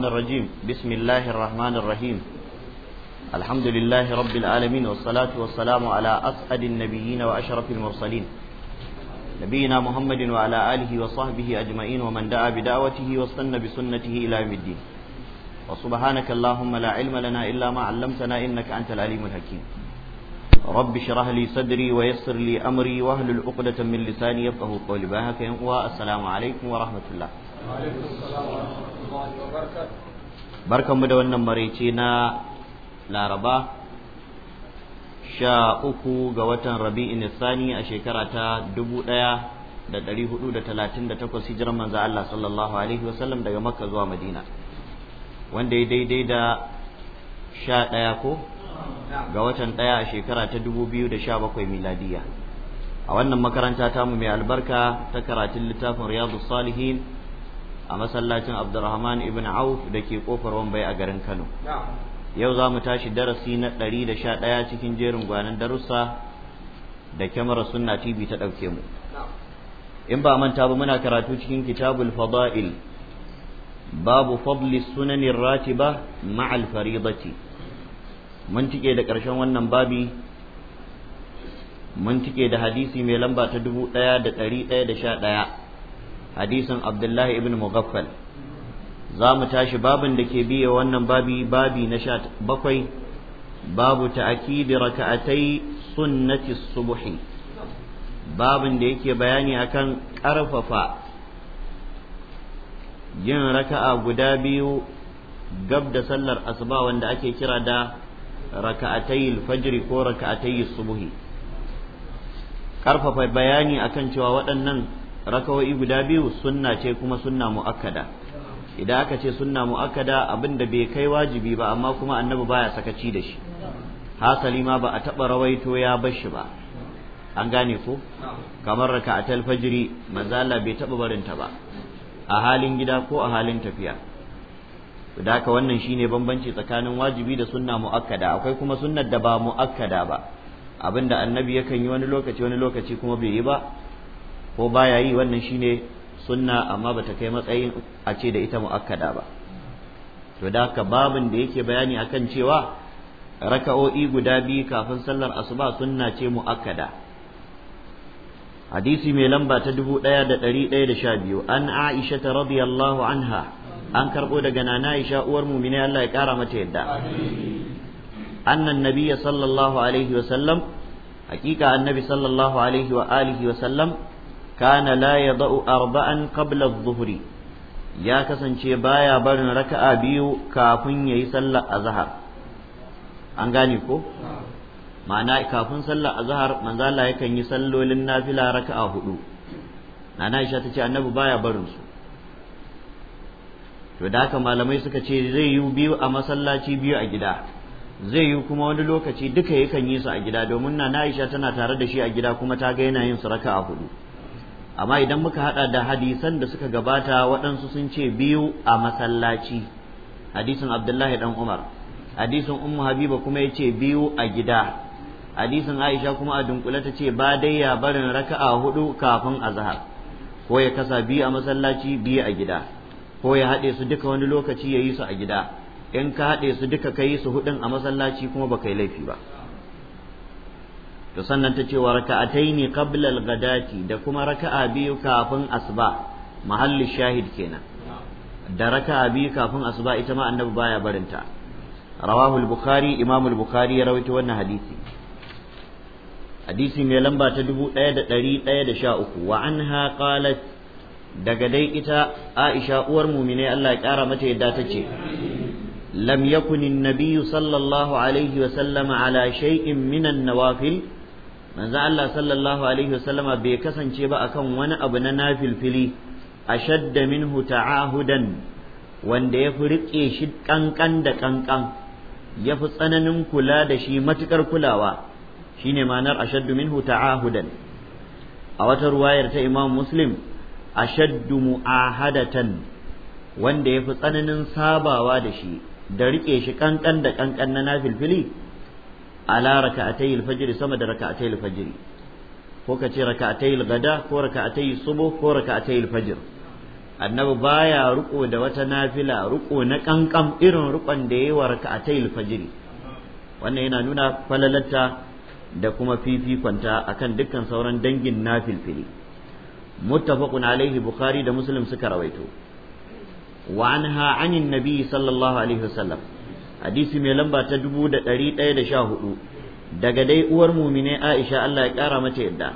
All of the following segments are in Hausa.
الرجيم بسم الله الرحمن الرحيم الحمد لله رب العالمين والصلاة والسلام على أسعد النبيين وأشرف المرسلين نبينا محمد وعلى آله وصحبه أجمعين ومن دعا بدعوته واستنى بسنته إلى يوم الدين وسبحانك اللهم لا علم لنا إلا ما علمتنا إنك أنت العليم الحكيم رب اشرح لي صدري ويسر لي أمري واهلل عقدة من لساني يفقه قولي باهك السلام عليكم ورحمة الله وعليكم السلام ورحمة الله barkanmu da wannan maraice na laraba sha uku ga watan rabi'in sani a shekara ta dubu ɗaya da dari hudu da talatin da takwas hijirar manzo Allah sallallahu alaihi wasallam daga makka zuwa madina wanda ya daidai da sha ɗaya ko ga watan ɗaya a shekara ta dubu biyu da sha bakwai miladiya a wannan makaranta tamu mai albarka ta karatun littafin riyadu salihin a masallacin Abdurrahman ibn Auf da ke kofar Wambai a garin Kano. Yau za mu tashi darasi na ɗari da sha cikin jerin gwanin darussa da kyamara sunna TV ta ɗauke mu. In ba manta ba muna karatu cikin kitabul fada'il babu fadli sunanin ratiba ma'al faridati. Mun tike da ƙarshen wannan babi mun tike da hadisi mai lamba ta dubu ɗaya da ɗari ɗaya da sha ɗaya. hadisin abdullahi ibn mughaffal za mu tashi babin da ke biya wannan babi babi na sha bakwai babu ta'akidi raka'atai sunnati subuhi babin da yake bayani akan ƙarfafa yin raka'a guda biyu gab da sallar asuba wanda ake kira da raka'atai fajri ko raka'atai subuhi ƙarfafa bayani akan cewa waɗannan Rakawai guda biyu sunna ce kuma sunna mu'akkada idan aka ce sunna mu'akkada abin da bai kai wajibi ba amma kuma annabi baya sakaci da shi hasali ma ba a taba rawaito ya bar shi ba an gane ko kamar raka a talfajiri manzala bai taɓa barinta ba a halin gida ko a halin tafiya da haka wannan shine bambanci tsakanin wajibi da sunna mu'akkada akwai kuma sunnar da ba mu'akkada ba abinda annabi yakan yi wani lokaci wani lokaci kuma bai yi ba ko baya yi wannan shine sunna amma bata kai matsayin a ce da ita mu'akkada ba to da haka babin da yake bayani akan cewa raka'o'i guda biyu kafin sallar asuba sunna ce mu'akkada hadisi mai lamba ta dubu ɗaya da ɗari ɗaya da sha biyu an aisha ta radiyallahu anha an karɓo daga nana aisha uwar mumina Allah ya ƙara mata yadda annan nabiyya sallallahu alaihi annabi sallallahu alaihi wa alihi wa sallam Kanala ya zau arba'an Kabla adh ya kasance baya barin raka'a biyu kafin yayi sallar azhar an gane ko ma'ana kafin sallar azhar manzo yakan yi sallolin nafila raka'a hudu nana Aisha tace annabi baya barin su to daka malamai suka ce zai yi biyu a masallaci biyu a gida zai yi kuma wani lokaci duka yakan yi su a gida domin na Aisha tana tare da shi a gida kuma ta ga yana yin su raka'a hudu amma idan muka hada da hadisan da suka gabata waɗansu sun ce biyu a masallaci hadisin abdullahi dan umar hadisin ummu habiba kuma ya ce biyu a gida hadisin aisha kuma a dunkule ta ce ba dai ya barin raka'a hudu kafin azhar ko ya kasa biyu a masallaci biyu a gida ko ya haɗe su duka wani lokaci ya yi su a gida in ka haɗe su duka ka yi su hudun a masallaci kuma ba kai laifi ba to sannan ta ce wa raka'ataini qabla al-ghadati da kuma raka'a biyu kafin asuba mahalli shahid kenan da raka'a biyu kafin asuba ita ma annabi baya barinta rawahu al-bukhari imam al-bukhari ya rawaito wannan hadisi hadisi mai lamba ta 1113 wa anha qalat daga dai ita Aisha uwar mumine Allah ya kara mata yadda ta ce lam yakunin النبي sallallahu alaihi wa وسلم على شيء من النوافل manzo Allah sallallahu alaihi wasallama bai kasance ba akan wani abu na nafilfili ashadda minhu ta'ahudan wanda ya fi riƙe shi ƙanƙan da ƙanƙan ya fi tsananin kula da shi matuƙar kulawa shine ma'anar ashaddu minhu ta'ahudan a wata ruwayar ta imam muslim ashaddu mu'ahadatan wanda ya fi tsananin sabawa da shi da riƙe shi ƙanƙan da ƙanƙan na nafilfili ala raka'atay al-fajr sama da raka'atay al-fajr ko ka ce raka'atay al-ghada ko raka'atay subuh ko raka'atay al-fajr annabi baya ruko da wata nafila ruko na kankam irin rukon da yayi wa raka'atay al-fajr wannan yana nuna falalata da kuma fifikonta akan dukkan sauran dangin nafilfili muttafaqun Alayhi bukhari da muslim suka rawaito wa anha anin Nabiyu sallallahu alaihi wasallam hadisi mai lamba ta dubu da ɗari ɗaya da sha hudu daga dai uwar mumine aisha Allah ya ƙara mata yadda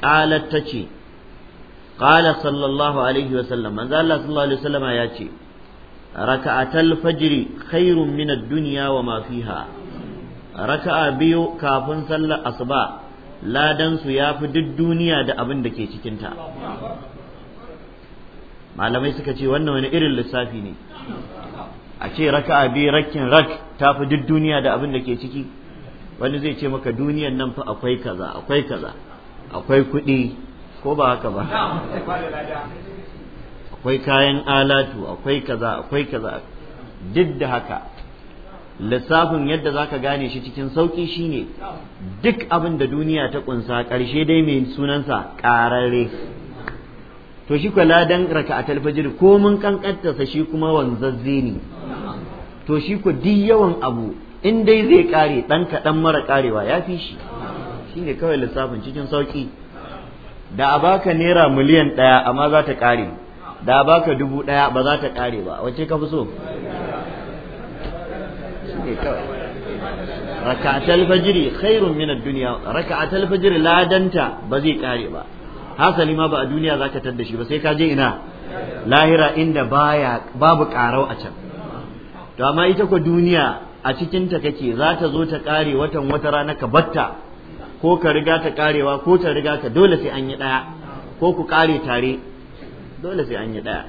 qalat ta ce qala sallallahu alaihi wasallam manzo Allah sallallahu alaihi wasallama ya ce raka'atal fajri khairun min ad-dunya wa ma fiha raka'a biyu kafin sallar asuba ladan su yafi duk duniya da abin da ke cikin ta malamai suka ce wannan wani irin lissafi ne a ce a biyu rakin rak ta fi duk duniya da abin da ke ciki wani zai ce maka duniyan nan fa akwai kaza akwai kaza akwai kuɗi ko ba haka ba akwai kayan alatu akwai kaza akwai kaza duk da haka lissafin yadda za ka gane shi cikin sauƙi shine duk abin da duniya ta ƙunsa ƙarshe dai mai sunansa ƙararre to shi kwa ladan raka a talfajir ko mun ƙanƙantarsa shi kuma wanzazze to shi ku duk yawan abu in dai zai kare ɗan kaɗan mara karewa ya fi shi shi ne kawai lissafin cikin sauƙi da a baka naira miliyan ɗaya amma za ta kare da a baka dubu ɗaya ba za ta kare ba wace ka fi so shi ne kawai raka'atul fajri khairun min ad-dunya raka'atul la ladanta ba zai kare ba hasali ma ba a duniya zaka tadda shi ba sai ka je ina lahira inda baya babu karau a can to amma ita ko duniya a cikin ta kake za ta zo ta kare watan wata rana ka batta ko ka riga ta karewa ko ta riga ta dole sai an yi daya ko ku kare tare dole sai an yi daya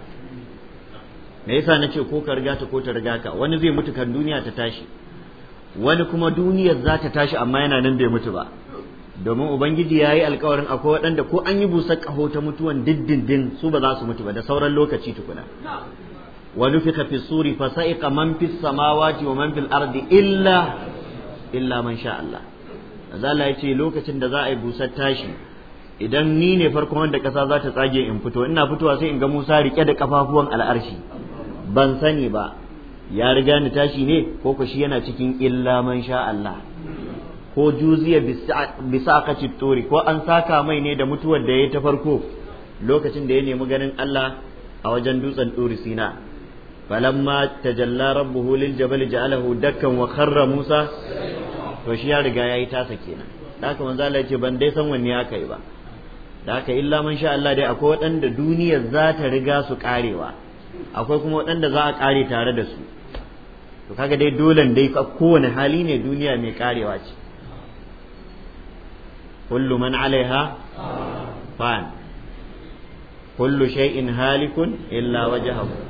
me yasa nace ko ka riga ta ko ta riga ka wani zai mutu kan duniya ta tashi wani kuma duniyar za ta tashi amma yana nan bai mutu ba domin ubangiji ya yi alkawarin akwai waɗanda ko an yi busar ƙaho ta mutuwan diddindin su ba za su mutu ba da sauran lokaci tukuna Wani nufika fi suri fa sa'iqa man fis samawati wa man fil ardi illa man sha Allah manzo ce yace lokacin da za a yi busar tashi idan ni ne farkon wanda ƙasa za ta tsage in fito ina fitowa sai in ga Musa rike da kafafuwan al'arshi ban sani ba ya riga ni tashi ne ko ko shi yana cikin illa man sha Allah ko juziya bisa kaci tori ko an saka mai ne da mutuwar da ya ta farko lokacin da ya nemi ganin Allah a wajen dutsen turi sina فلما تجلى ربه للجبل جعله دكا وخر موسى to shi ya riga ya yi tasa kenan da haka manzo Allah ce ban dai san wanne ya kai ba da haka illa man sha Allah dai akwai waɗanda duniyar za ta riga su karewa akwai kuma waɗanda za a kare tare da su to kaga dai dole dai kowane hali ne duniya mai karewa ce kullu man alaiha fan kullu shay'in halikun illa wajhahu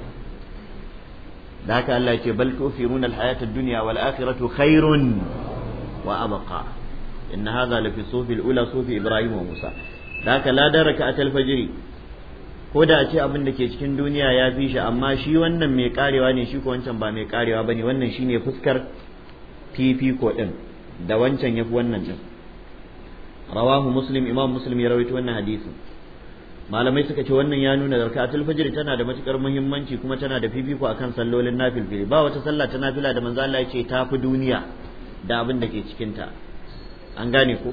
da haka Allah ce bal tufirun alhayatad dunya wal akhiratu khairun wa abqa inna hadha la fi sufi ula sufi ibrahim wa musa da haka la daraka atal fajri ko da a ce abin da ke cikin duniya ya fi shi amma shi wannan mai karewa ne shi ko wancan ba mai karewa bane wannan shine fuskar fifiko din da wancan yafi wannan din rawahu muslim imam muslim ya rawaito wannan hadisin malamai suka ce wannan ya nuna zarkatul fajr tana da matukar muhimmanci kuma tana da fifiko akan sallolin nafilfili ba wata sallah ta nafila da manzo Allah ya ce ta fi duniya da abin da ke cikin ta an gane ko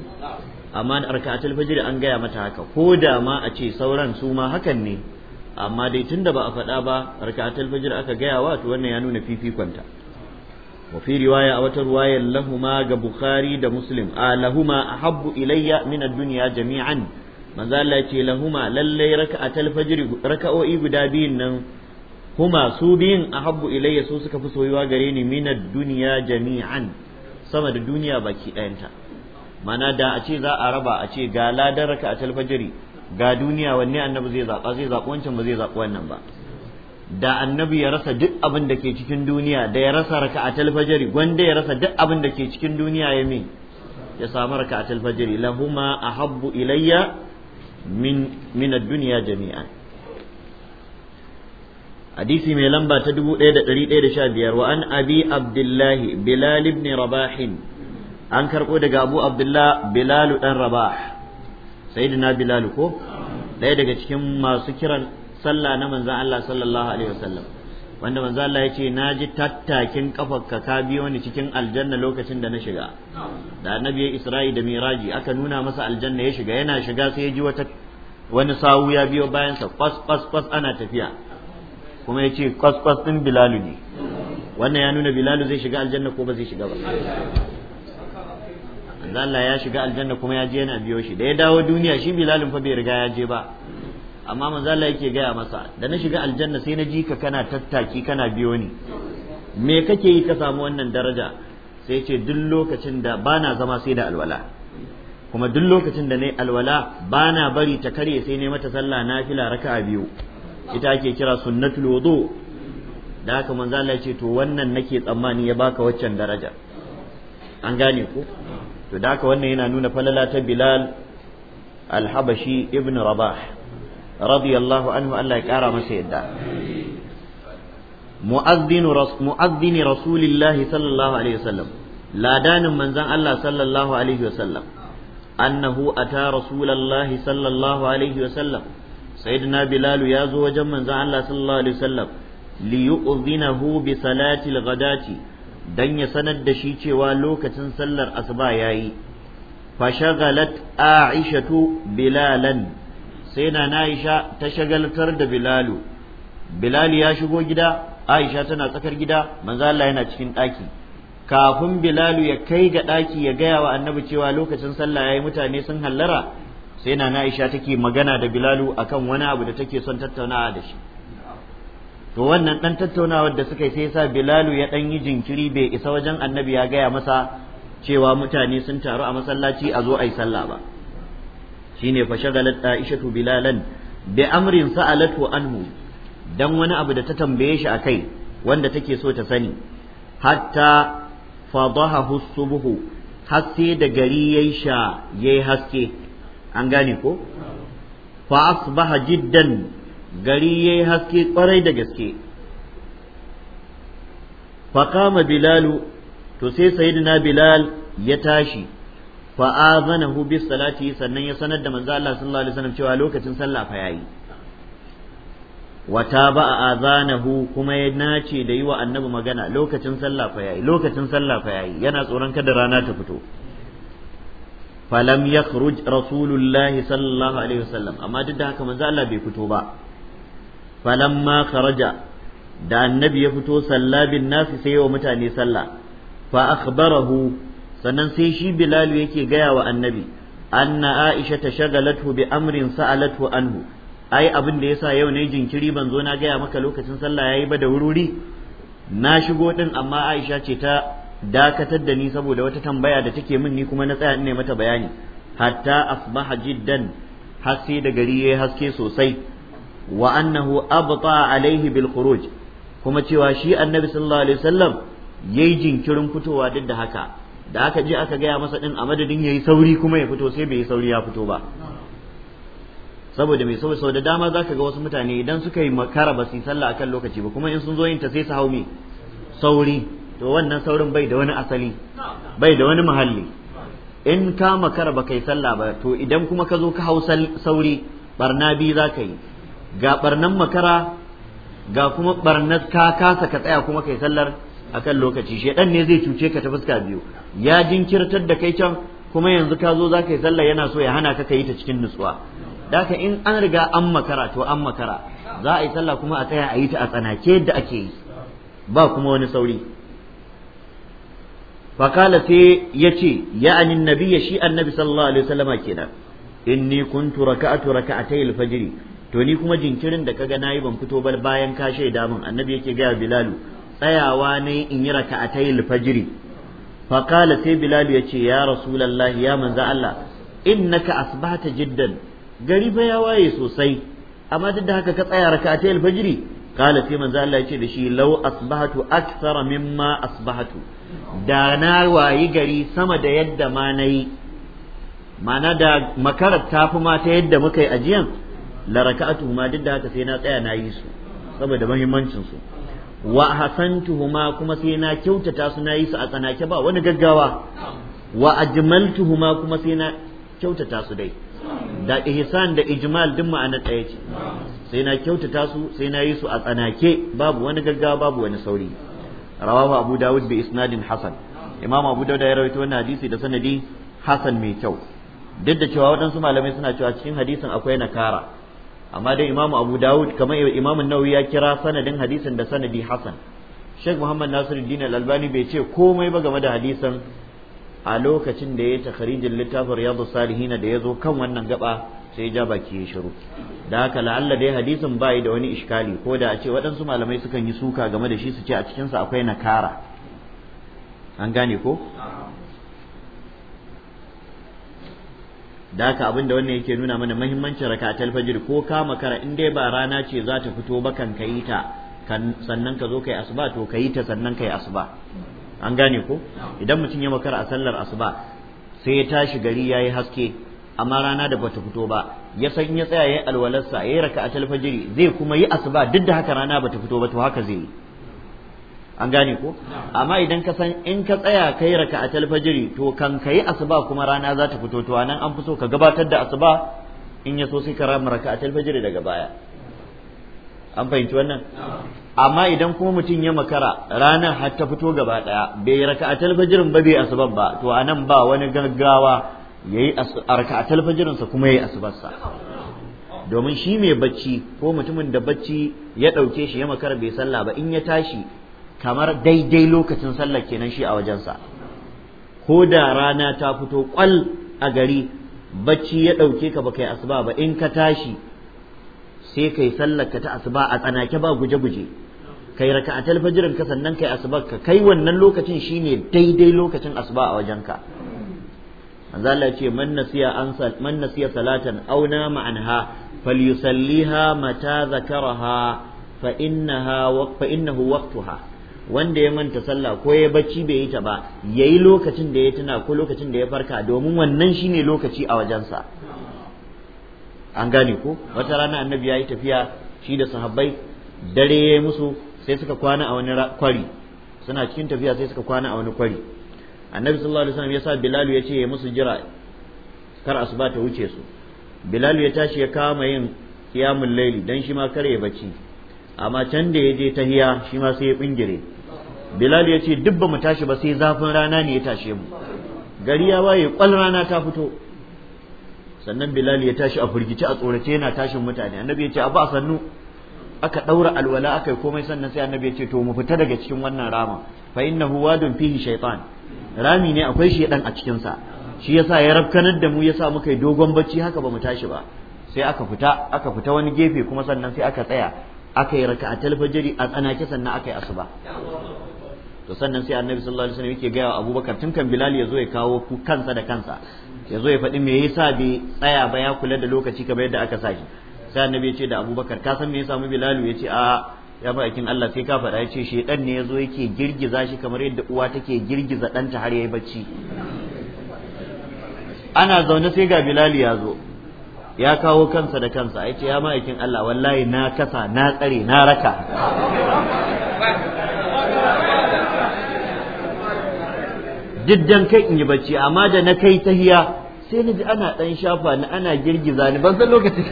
amma da arkatul fajr an gaya mata haka ko da ma a ce sauran su ma hakan ne amma dai tunda ba a faɗa ba arkatul fajr aka gaya wa to wannan ya nuna fifikonta wa fi riwaya a wata riwayar lahuma ga bukhari da muslim a ah, lahuma ahabbu ilayya min ad-dunya jami'an manzo Allah ce lahuma lalle raka'atul fajr raka'o'i guda biyun nan huma su biyun ahabbu ilayya su suka fi soyuwa gare ni minad dunya jami'an sama da duniya baki ɗayanta mana da a ce za a raba a ce ga ladan raka'atul fajr ga duniya wanne annabi zai zaba zai zaba wancan ba zai zaba wannan ba da annabi ya rasa duk abin da ke cikin duniya da ya rasa raka'atul fajr gwanda ya rasa duk abin da ke cikin duniya ya me ya samu raka'atul fajr lahuma ahabbu ilayya min min ad-dunya jami'an hadisi mai lamba ta 1115 wa an abi abdullahi bilal ibn rabah an karbo daga abu abdullah bilal dan rabah sayyidina bilal ko daya daga cikin masu kiran sallah na manzon Allah sallallahu alaihi wasallam wanda manzo Allah yace na ji tattakin kafarka ka biyo ni cikin aljanna lokacin da na shiga da annabi Isra'i da Miraji aka nuna masa aljanna ya shiga yana shiga sai ya ji wata wani sawu ya biyo bayan sa kwas kwas kwas ana tafiya kuma yace kwas kwas din Bilalu ne wannan ya nuna Bilalu zai shiga aljanna ko ba zai shiga ba manzo Allah ya shiga aljanna kuma ya je yana biyo shi da ya dawo duniya shi Bilal fa bai riga ya je ba amma manzo Allah yake gaya masa da na shiga aljanna sai na ji ka kana tattaki kana biyo ni me kake yi ka samu wannan daraja sai ce duk lokacin da bana zama sai da alwala kuma duk lokacin da nayi alwala bana bari ta kare sai ne mata sallah nafila raka'a biyu ita ake kira sunnatul wudu da haka manzo Allah ce to wannan nake tsammani ya baka waccan daraja an gane ko to da haka wannan yana nuna falala ta Bilal al-Habashi Rabah radiyallahu anhu Allah ya kara masa yadda mu'azzini rasulillahi sallallahu alaihi wasallam ladanin manzon Allah sallallahu alaihi wasallam annahu ata rasulallahi sallallahu alaihi wasallam sayyidina bilal ya zo wajen manzon Allah sallallahu alaihi wasallam li yu'dhinahu bi salati al-ghadati dan ya sanar da shi cewa lokacin sallar asuba yayi fashagalat aishatu bilalan sai na Aisha ta shagaltar da Bilalu Bilal ya shigo gida Aisha tana tsakar gida manzo Allah yana cikin ɗaki kafin Bilalu ya kai ga ɗaki ya gaya wa annabi cewa lokacin sallah yayi mutane sun hallara sai na Aisha take magana da Bilalu akan wani abu da take son tattaunawa da shi to wannan dan tattaunawar da suka yi sai sa Bilalu ya dan yi jinkiri bai isa wajen annabi ya gaya masa cewa mutane sun taru a masallaci a zo a yi sallah ba shine fa shagalat aishatu bilalan bi amrin sa'alatu anhu dan wani abu da ta tambaye shi akai wanda take so ta sani hatta fadahahu subhu har sai da gari yayi sha yayi haske an gane ko fa asbaha jiddan gari yayi haske kwarai da gaske fa kama bilalu to sai sayyidina bilal ya tashi fa azanahu bis salati sannan ya sanar da manzo Allah sallallahu alaihi wasallam cewa lokacin sallah fa yayi wata ba a azanahu kuma ya nace da yi wa annabi magana lokacin sallah fa yayi lokacin sallah fa yayi yana tsoron kada rana ta fito falam yakhruj rasulullahi sallallahu alaihi wasallam amma duk da haka manzo Allah bai fito ba falamma kharaja da annabi ya fito sallabin bin nasi sai wa mutane sallah fa akhbarahu sannan sai shi bilalu yake gaya wa annabi anna aisha ta shagalatu bi amrin sa'alatu anhu ai abin da yasa yau ne jinkiri ban zo na gaya maka lokacin sallah yayi ba da wururi. na shigo din amma aisha ce ta dakatar da ni saboda wata tambaya da take min ni kuma na tsaya ne mata bayani hatta asbaha jiddan har da gari yayi haske sosai wa annahu abta alaihi bil khuruj kuma cewa shi annabi sallallahu alaihi wasallam yayi jinkirin fitowa duk da haka da aka je aka gaya masa din a madadin yayi sauri kuma ya fito sai bai yi sauri ya fito ba saboda mai saboda sau da dama zaka ga wasu mutane idan suka yi makara ba su yi sallah akan lokaci ba kuma in sun zo yin ta sai su hau me sauri to wannan saurin bai da wani asali bai da wani muhalli in ka makara ba kai sallah ba to idan kuma ka zo ka hau sauri barna biyu za ka yi ga barnan makara ga kuma barnar ka kasa ka tsaya kuma kai sallar akan lokaci shedan ne zai cuce ka ta fuska biyu ya jinkirtar da kai can kuma yanzu ka zo zaka yi sallah yana so ya hana ka kai ta cikin nutsuwa daka in an riga an makara to an makara za a yi sallah kuma a tsaya a yi ta a tsanake yadda ake yi ba kuma wani sauri fakala sai ya ce ya nabi ya shi annabi sallallahu alaihi wasallama kenan inni kuntu raka'atu raka'atayil fajri to ni kuma jinkirin da kaga nayi ban fito ba bayan ka shaida min annabi yake ga bilalu tsayawa ne in yi raka'atai alfajiri fa qala sai bilal ya ce ya rasulullahi ya manzo Allah innaka asbahta jiddan gari fa ya waye sosai amma duk da haka ka tsaya raka'atai alfajiri qala sai manzo Allah yace da shi law asbahatu akthara mimma asbahatu da na wayi gari sama da yadda ma nayi ma'ana da makarar tafi ma ta yadda muka yi ajiyan la raka'atu ma duk da haka sai na tsaya na yi su saboda muhimmancin su wa hasantuhuma kuma sai na kyautata su na yi su a tsanake ba wani gaggawa wa ajmaltuhuma kuma sai na kyautata su dai da ihsan da ijmal duk ma'ana ɗaya ce sai na kyautata su sai na yi su a tsanake babu wani gaggawa babu wani sauri rawahu abu dawud bi isnadin hasan imam abu dawud ya rawaito wannan hadisi da sanadi hasan mai kyau duk da cewa waɗansu malamai suna cewa cikin hadisin akwai nakara amma dai imamu abu dawud kamar imamun nawawi ya kira sanadin hadisin da sanadi hasan sheikh muhammad nasiru dina albani bai ce komai ba game da hadisin a lokacin da ya takharijin littafin riyadu salihina da ya zo kan wannan gaba sai ja baki ya shiru da haka la'alla dai hadisin bai da wani iskali ko da a ce waɗansu malamai sukan yi suka game da shi su ce a cikinsa akwai nakara an gane ko da haka abin da wannan yake nuna mana muhimmancin rakatul fajr ko ka makara in dai ba rana ce za ta fito ba kan kai ta sannan ka zo kai asuba to kai ta sannan kai asuba an gane ko idan mutum ya makara a sallar asuba sai ya tashi gari yayi haske amma rana da bata fito ba ya san ya tsaya yayi alwalarsa yayi raka'atul fajr zai kuma yi asuba duk da haka rana bata fito ba to haka zai yi an gane ko amma idan ka san in ka tsaya kai raka a talfajiri to kan kai asuba kuma rana za ta fito to anan an fito ka gabatar da asuba in ya so sai ka rama raka a talfajiri daga baya an fahimci wannan amma idan kuma mutum ya makara ranar har ta fito gaba daya bai raka a talfajirin ba bai asuba ba to anan ba wani gaggawa yayi raka a talfajirin sa kuma yayi asubar sa domin shi mai bacci ko mutumin da bacci ya ɗauke shi ya makara bai sallah ba in ya tashi kamar daidai lokacin sallar kenan shi a wajensa ko da rana ta fito kwal a gari bacci ya ɗauke ka baka yi asuba ba in ka tashi sai kai sallar ka ta asuba a tsanake ba guje-guje kai raka'atul fajrin ka sannan kai asuba ka kai wannan lokacin shine daidai lokacin asuba a wajenka manzo ce man nasiya salatan auna ma'anha falyusalliha mata zakaraha fa innaha waqfa innahu waqtuha wanda ya manta sallah ko ya bacci bai yi ta ba yayi lokacin da ya tuna ko lokacin da ya farka domin wannan shine lokaci a wajensa an gane ko wata rana annabi ya yi tafiya shi da sahabbai dare ya musu sai suka kwana a wani kwari suna cikin tafiya sai suka kwana a wani kwari annabi sallallahu alaihi wasallam ya sa bilal ya ce ya musu jira kar asuba ta wuce su bilal ya tashi ya kama yin qiyamul layli dan shi ma kare ya bacci amma can da ya je tahiya shi ma sai ya bingire bilal ya ce duk ba mu tashi ba sai zafin rana ne ya tashe mu gari ya waye kwal rana ta fito sannan bilal ya tashi a firgici a tsorace yana tashin mutane annabi ya ce abu a sannu aka daura alwala aka yi komai sannan sai annabi ya ce to mu fita daga cikin wannan rama fa innahu wadun fihi shaytan rami ne akwai shedan a cikin sa shi yasa ya rabkanar da mu yasa muka yi dogon bacci haka ba mu tashi ba sai aka fita aka fita wani gefe kuma sannan sai aka tsaya aka yi a talfajiri a tsanake sannan aka yi asuba to sannan sai annabi sallallahu alaihi wasallam yake gaya wa abubakar tun kan bilal ya zo ya kawo ku kansa da kansa ya zo ya faɗi me yasa bai tsaya ba ya kula da lokaci kamar yadda aka sashi sai annabi ya ce da abubakar ka san me ya samu bilal ya ce a ya ba akin Allah sai ka faɗa ya ce shedan ne ya zo yake girgiza shi kamar yadda uwa take girgiza ɗanta har yayi bacci ana zaune sai ga bilal ya zo ya kawo kansa da kansa a ce ya ma'aikin Allah wallahi na kasa na tsare na raka diddan kai in yi bacci amma da na kai tahiya sai ni ji ana ɗan shafa ni ana girgiza ni ban san lokacin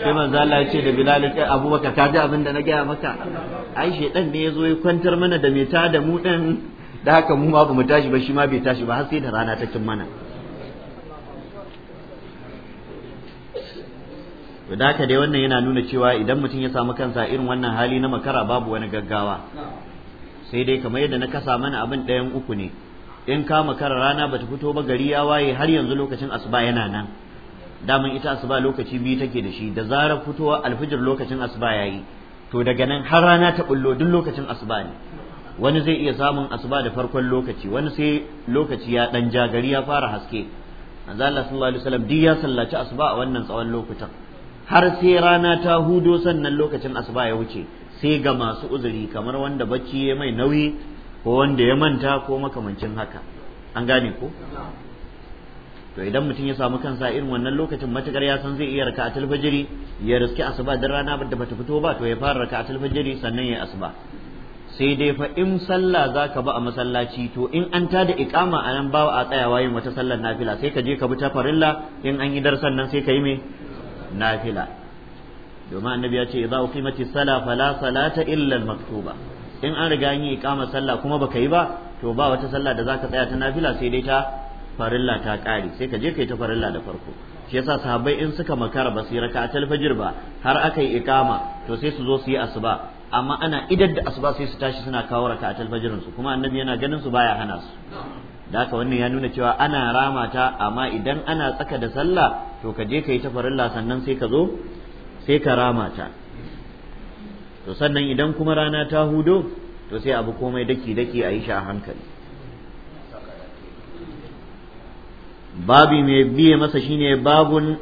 sai man ya ce da Bilal ya Abubakar ka ji abin da na gaya maka ai ɗan ne ya zo ya kwantar mana da ta da mu ɗan da haka mu ma mu tashi ba shi ma bai tashi ba har sai da rana ta cin mana to da haka dai wannan yana nuna cewa idan mutum ya samu kansa irin wannan hali na makara babu wani gaggawa sai dai kamar yadda na kasa mana abin ɗayan uku ne in ka makara rana bata fito ba gari ya waye har yanzu lokacin asuba yana nan daman ita asuba lokaci biyu take da shi da zarar fitowa alfijir lokacin asuba ya yi. to daga nan har rana ta bullo duk lokacin asuba ne wani zai iya samun asuba da farkon lokaci wani sai lokaci ya dan ja gari ya fara haske manzo Allah sallallahu alaihi wasallam duk ya sallaci asuba a wannan tsawon lokutan har sai rana ta hudo sannan lokacin asuba ya wuce sai ga masu uzuri kamar wanda bacci ya mai nauyi ko wanda ya manta ko makamancin haka an gane ko to idan mutum ya samu kansa irin wannan lokacin matukar ya san zai iya raka a talfajiri ya riski asuba dan rana da bata fito ba to ya fara raka a talfajiri sannan ya asuba sai dai fa in sallah za ka ba a masallaci to in an tada iqama a nan ba a tsayawa yin wata sallar nafila sai ka je ka bi ta farilla in an yi darsan nan sai ka yi me nafila domin annabi ya ce idza uqimatis sala fala salata illa maktuba in an riga an yi iqama sallah kuma baka yi ba to ba wata sallah da zaka tsaya ta nafila sai dai ta farilla ta kare sai ka je kai ta farilla da farko shi yasa sahabbai in suka makara ba su yi raka'atul fajr ba har aka yi iqama to sai su zo su yi asuba amma ana idar da asuba sai su tashi suna kawo raka'atul fajrin su kuma annabi yana ganin su baya hana su da haka wannan ya nuna cewa ana rama ta amma idan ana tsaka da sallah to ka je ka yi ta farilla sannan sai ka zo sai ka rama ta to sannan idan kuma rana ta hudo to sai abu komai daki daki a yi shi a hankali babi mai biye masa shine babun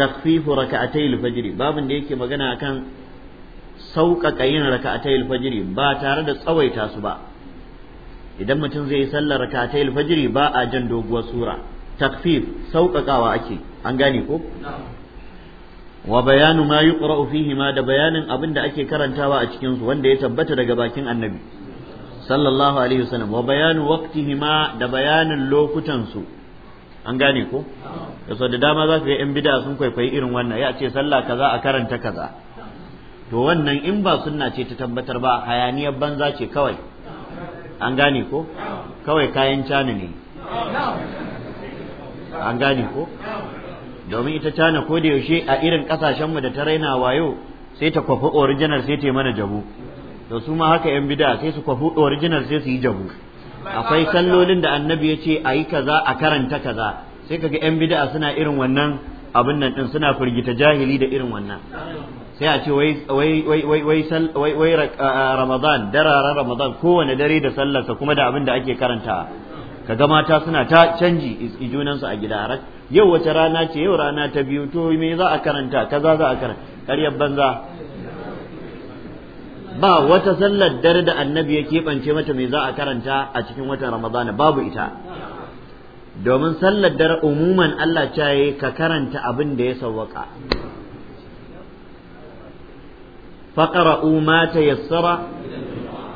takfifu raka'atai alfajiri babun da yake magana akan sauƙaƙa yin raka'atai alfajiri ba tare da tsawaita su ba idan mutum zai yi sallar rakatai alfajiri ba a jan doguwar sura takfif sauƙaƙawa ake an gane ko wa bayanu ma yuqra'u fihi ma da bayanin abin da ake karantawa a cikin su wanda ya tabbata daga bakin annabi sallallahu alaihi wasallam wa bayanu waqtihi ma da bayanin lokutan su an gane ko da da dama za ka ga yan bid'a sun kwaikwayi irin wannan ya ce sallah kaza a karanta kaza to wannan in ba sunna ce ta tabbatar ba hayaniyar banza ce kawai an gane ko kawai kayan cana ne an gane ko domin ita cana ko da yaushe a irin kasashenmu da ta raina wayo sai ta kwafi original sai ta yi mana jabu to su ma haka yan bida sai su kwafi original sai su yi jabu akwai sallolin da annabi ya ce a yi kaza a karanta kaza sai kaga yan bida suna irin wannan abin nan din suna firgita jahili da irin wannan sai a ce wai ramadan dararen ramadan kowane dare da sallarsa kuma da abin da ake karanta ka kaga mata suna ta canji junansu a gida yau wace rana ce yau rana ta biyu to me za a karanta kaza za a karanta ƙaryar banza ba wata sallar dare da annabi ya keɓance mata me za a karanta a cikin watan ramadan babu ita domin sallar dare umuman Allah yi ka karanta abin da ya sawwaka faqra'u ma tayassara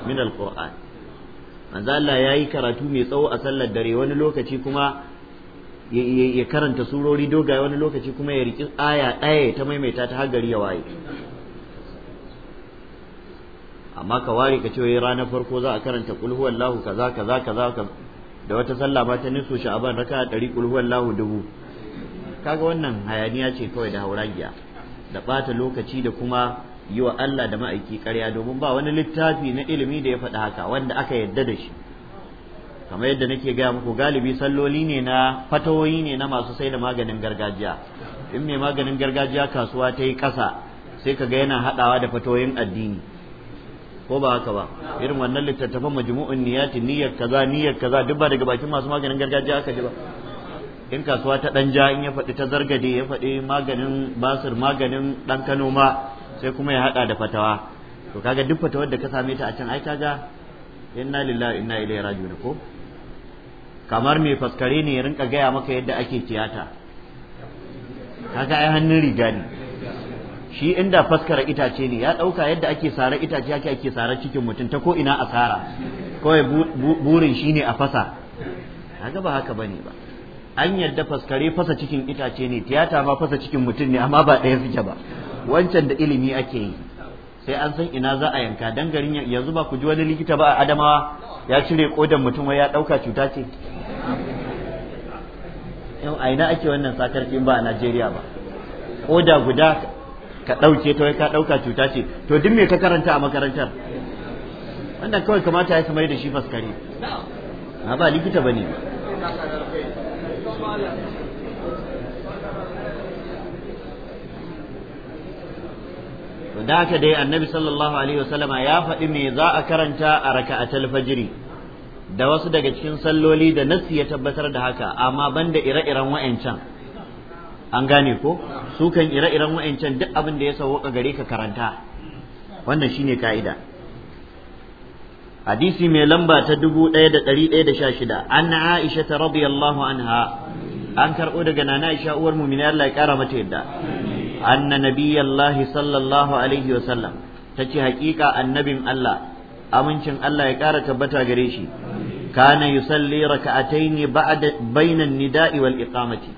min alquran manzo Allah yayi karatu mai tsawo a sallar dare wani lokaci kuma ya karanta surori dogaye wani lokaci kuma ya riki aya ɗaya ta maimaita ta hagari ya waye amma ka ware ka ce wai ranar farko za a karanta kul huwallahu kaza kaza kaza da wata sallah ba ta nisu sha'aban raka ɗari kul huwallahu dubu kaga wannan hayaniya ce kawai da hauragiya da ɓata lokaci da kuma yi wa Allah da ma'aiki karya domin ba wani littafi na ilimi da ya faɗi haka wanda aka yadda da shi kamar yadda nake gaya muku galibi salloli ne na fatawoyi ne na masu sai da maganin gargajiya in mai maganin gargajiya kasuwa ta yi ƙasa sai ka ga yana haɗawa da fatawoyin addini ko ba haka ba irin wannan littattafan majmu'un niyati niyyar kaza niyyar kaza duk ba daga bakin masu maganin gargajiya aka ji ba in kasuwa ta ɗan ja in ya faɗi ta zargade ya faɗi maganin basir maganin ɗan kano sai kuma ya hada da fatawa to kaga duk fatawar da ka same ta a can ai kaga inna lillahi inna ilaihi raji'un ko kamar mai faskare ne ya rinka gaya maka yadda ake tiyata kaga ai hannun riga ne shi inda faskara itace ne ya ɗauka yadda ake sare itace yake ake sare cikin mutum ta ko ina asara kawai burin shi ne a fasa kaga ba haka bane ba an yadda faskare fasa cikin itace ne tiyata ma fasa cikin mutum ne amma ba ɗaya suke ba wancan da ilimi ake yi sai an san ina za a yanka dan garin yanzu ba ku ji wani likita ba a adamawa ya cire kodan mutum wai ya dauka cuta ce yau a ina ake wannan sakarcin ba a Najeriya ba koda guda ka dauke ta wai ka dauka cuta ce to duk me ka karanta a makarantar wannan kawai kamata ya su mai da shi faskare na ba likita bane ne. to da haka dai annabi sallallahu alaihi wasallama ya faɗi me za a karanta a raka'atul fajri da wasu daga cikin salloli da nassi ya tabbatar da haka amma banda ire-iren wa'ancan an gane ko su kan ire-iren wa'ancan duk abin da ya sauwaka gare ka karanta wannan shine ka'ida hadisi mai lamba ta da da 1116 an Aisha ta radiyallahu anha an karbo daga nana Aisha uwar mu'minin Allah ya kara mata yadda anna nabiyallahi sallallahu alaihi wasallam tace haƙiƙa annabin Allah amincin Allah ya ƙara tabbata gare shi kana yusalli raka'ataini ba'da bainan nida'i wal iqamati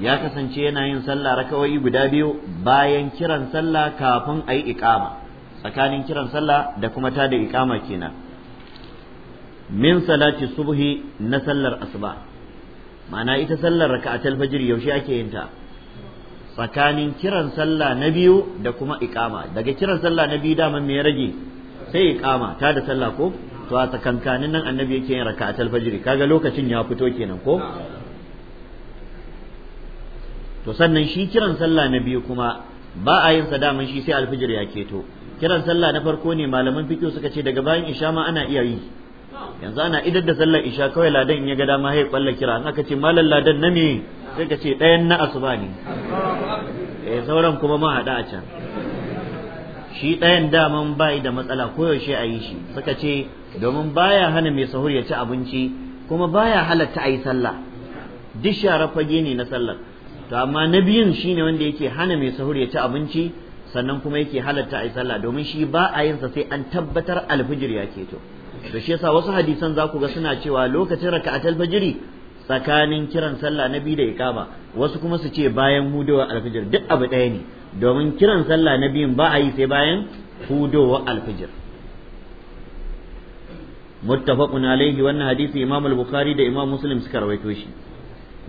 ya kasance yana yin sallah rakawai guda biyu bayan kiran sallah kafin ayi iqama tsakanin kiran sallah da kuma ta da iqama kenan min salati subhi na sallar asuba ma'ana ita sallar raka'atul fajr yaushe ake yin ta tsakanin kiran sallah na biyu da kuma ikama daga kiran sallah na biyu dama me ya rage sai ikama ta da sallah ko to a tsakankanin nan annabi yake yin raka'atul fajr kaga lokacin ya fito kenan ko to sannan shi kiran sallah na biyu kuma ba a yin sa daman shi sai alfijir ya keto kiran sallah na farko ne malaman fiqh suka ce daga bayan isha ma ana iya yi yanzu ana idar da sallar isha kawai ladan in ya ga dama ya kwalla kira aka ce malam ladan na me sai ka ce ɗayan na asuba ne eh sauran kuma ma hada a can shi ɗayan daman bai da matsala koyaushe a yi shi suka ce domin baya hana mai sahur ya ci abinci kuma baya halatta a yi sallah duk shara fage ne na sallar to amma na biyun shine wanda yake hana mai sahur ya ci abinci sannan kuma yake halatta a yi sallah domin shi ba a yinsa sai an tabbatar alfijir ya keto to shi yasa wasu hadisan za ku ga suna cewa lokacin raka'atul fajiri tsakanin kiran sallah na biyu da ikama wasu kuma su ce bayan hudowar alfijir duk abu ɗaya ne domin kiran sallah na biyun ba a yi sai bayan hudowar alfijir muttafaqun alaihi wannan hadisi imam al-bukhari da imam muslim suka rawaito shi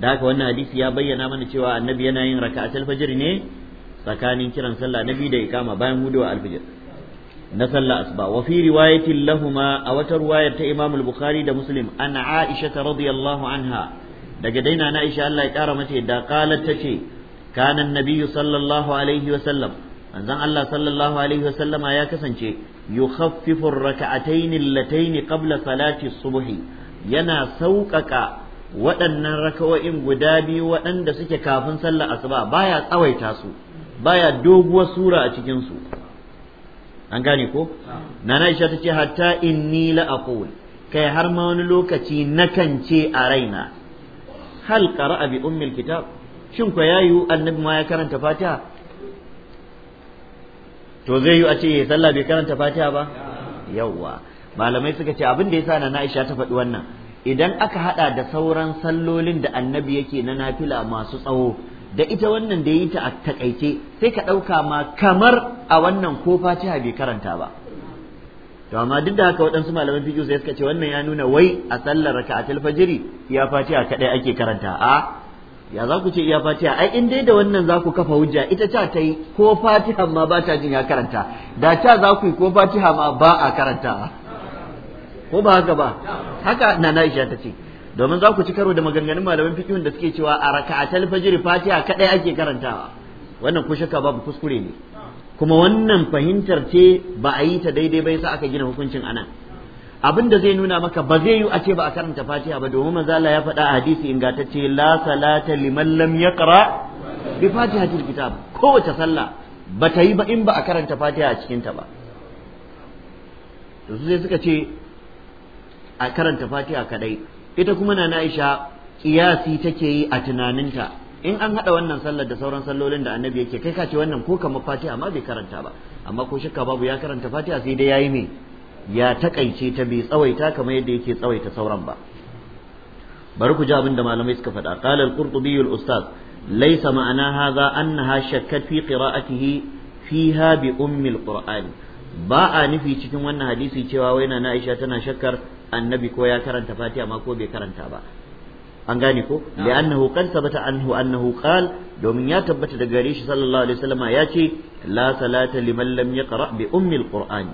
da haka wannan hadisi ya bayyana mana cewa annabi yana yin raka'atul fajr ne tsakanin kiran sallah na biyu da ikama bayan hudowar alfijir na sallah asuba wa fi riwayatin lahuma a wata ruwayar ta Imam al-Bukhari da Muslim an Aisha radiyallahu anha daga daina na Aisha Allah ya kara mace da qalat tace kana an-nabiy sallallahu alaihi wa sallam anzan Allah sallallahu alaihi wa sallam ya kasance yukhaffifu ar-rak'atayn allatayn qabla salati as-subh yana sauƙaƙa waɗannan raka'o'in guda biyu waɗanda suke kafin sallar asuba baya tsawaita su baya doguwar sura a cikin su an gane ko nana Aisha tace hatta inni la aqul kai har ma wani lokaci nakan ce a raina hal qara'a bi ummil kitab shin ko yayu annabi ma ya karanta fatiha to zai yi a ce sallah bai karanta fatiha ba yawwa malamai suka ce abin da yasa nana Aisha ta faɗi wannan idan aka hada da sauran sallolin da annabi yake na nafila masu tsawo da ita wannan da yi ta a takaice sai ka ɗauka ma kamar a wannan ko fatiha bai karanta ba to amma duk da haka waɗansu malaman fiƙi sai suka ce wannan ya nuna wai a sallar raka'atul fajiri iya fatiha kadai ake karanta a ya za ku ce iya fatiha ai in dai da wannan za ku kafa hujja ita ta ta yi ko fatiha ma ba ta jin ya karanta da ta za ku yi ko fatiha ma ba a karanta ko ba haka ba haka nana isha ta ce domin za ku ci karo da maganganun malaman fiqhun da suke cewa a raka'atul fajr fatiha kadai ake karantawa wannan ku shaka babu kuskure ne kuma wannan fahimtar ce ba a yi ta daidai ba yasa aka gina hukuncin anan abin da zai nuna maka ba zai yi a ce ba a karanta fatiha ba domin manzo Allah ya faɗa a hadisi ingantacce la salata liman lam yaqra bi fatihatil kitab kowace sallah ba ta yi ba in ba a karanta fatiha a cikin ta ba to sai suka ce a karanta fatiha kadai ita kuma na Aisha kiyasi take yi a tunaninta in an hada wannan sallar da sauran sallolin da annabi yake kai ka ce wannan ko kamar fatiha ma bai karanta ba amma ko shakka babu ya karanta fatiha sai dai yayi me ya takaice ta bai tsawaita kamar yadda yake tsawaita sauran ba bari ku ji abin da malamai suka faɗa qala al-qurtubi al-ustaz laysa ma'ana hadha annaha shakkat fi qira'atihi fiha bi ummi al-qur'an ba a nufi cikin wannan hadisi cewa wai na Aisha tana shakkar annabi ko ya karanta fatiha ma ko bai karanta ba an gane ko li'annahu qad sabata anhu annahu qal domin ya tabbata daga gare shi sallallahu alaihi wasallam ya ce la salata liman lam yaqra bi ummi alqur'ani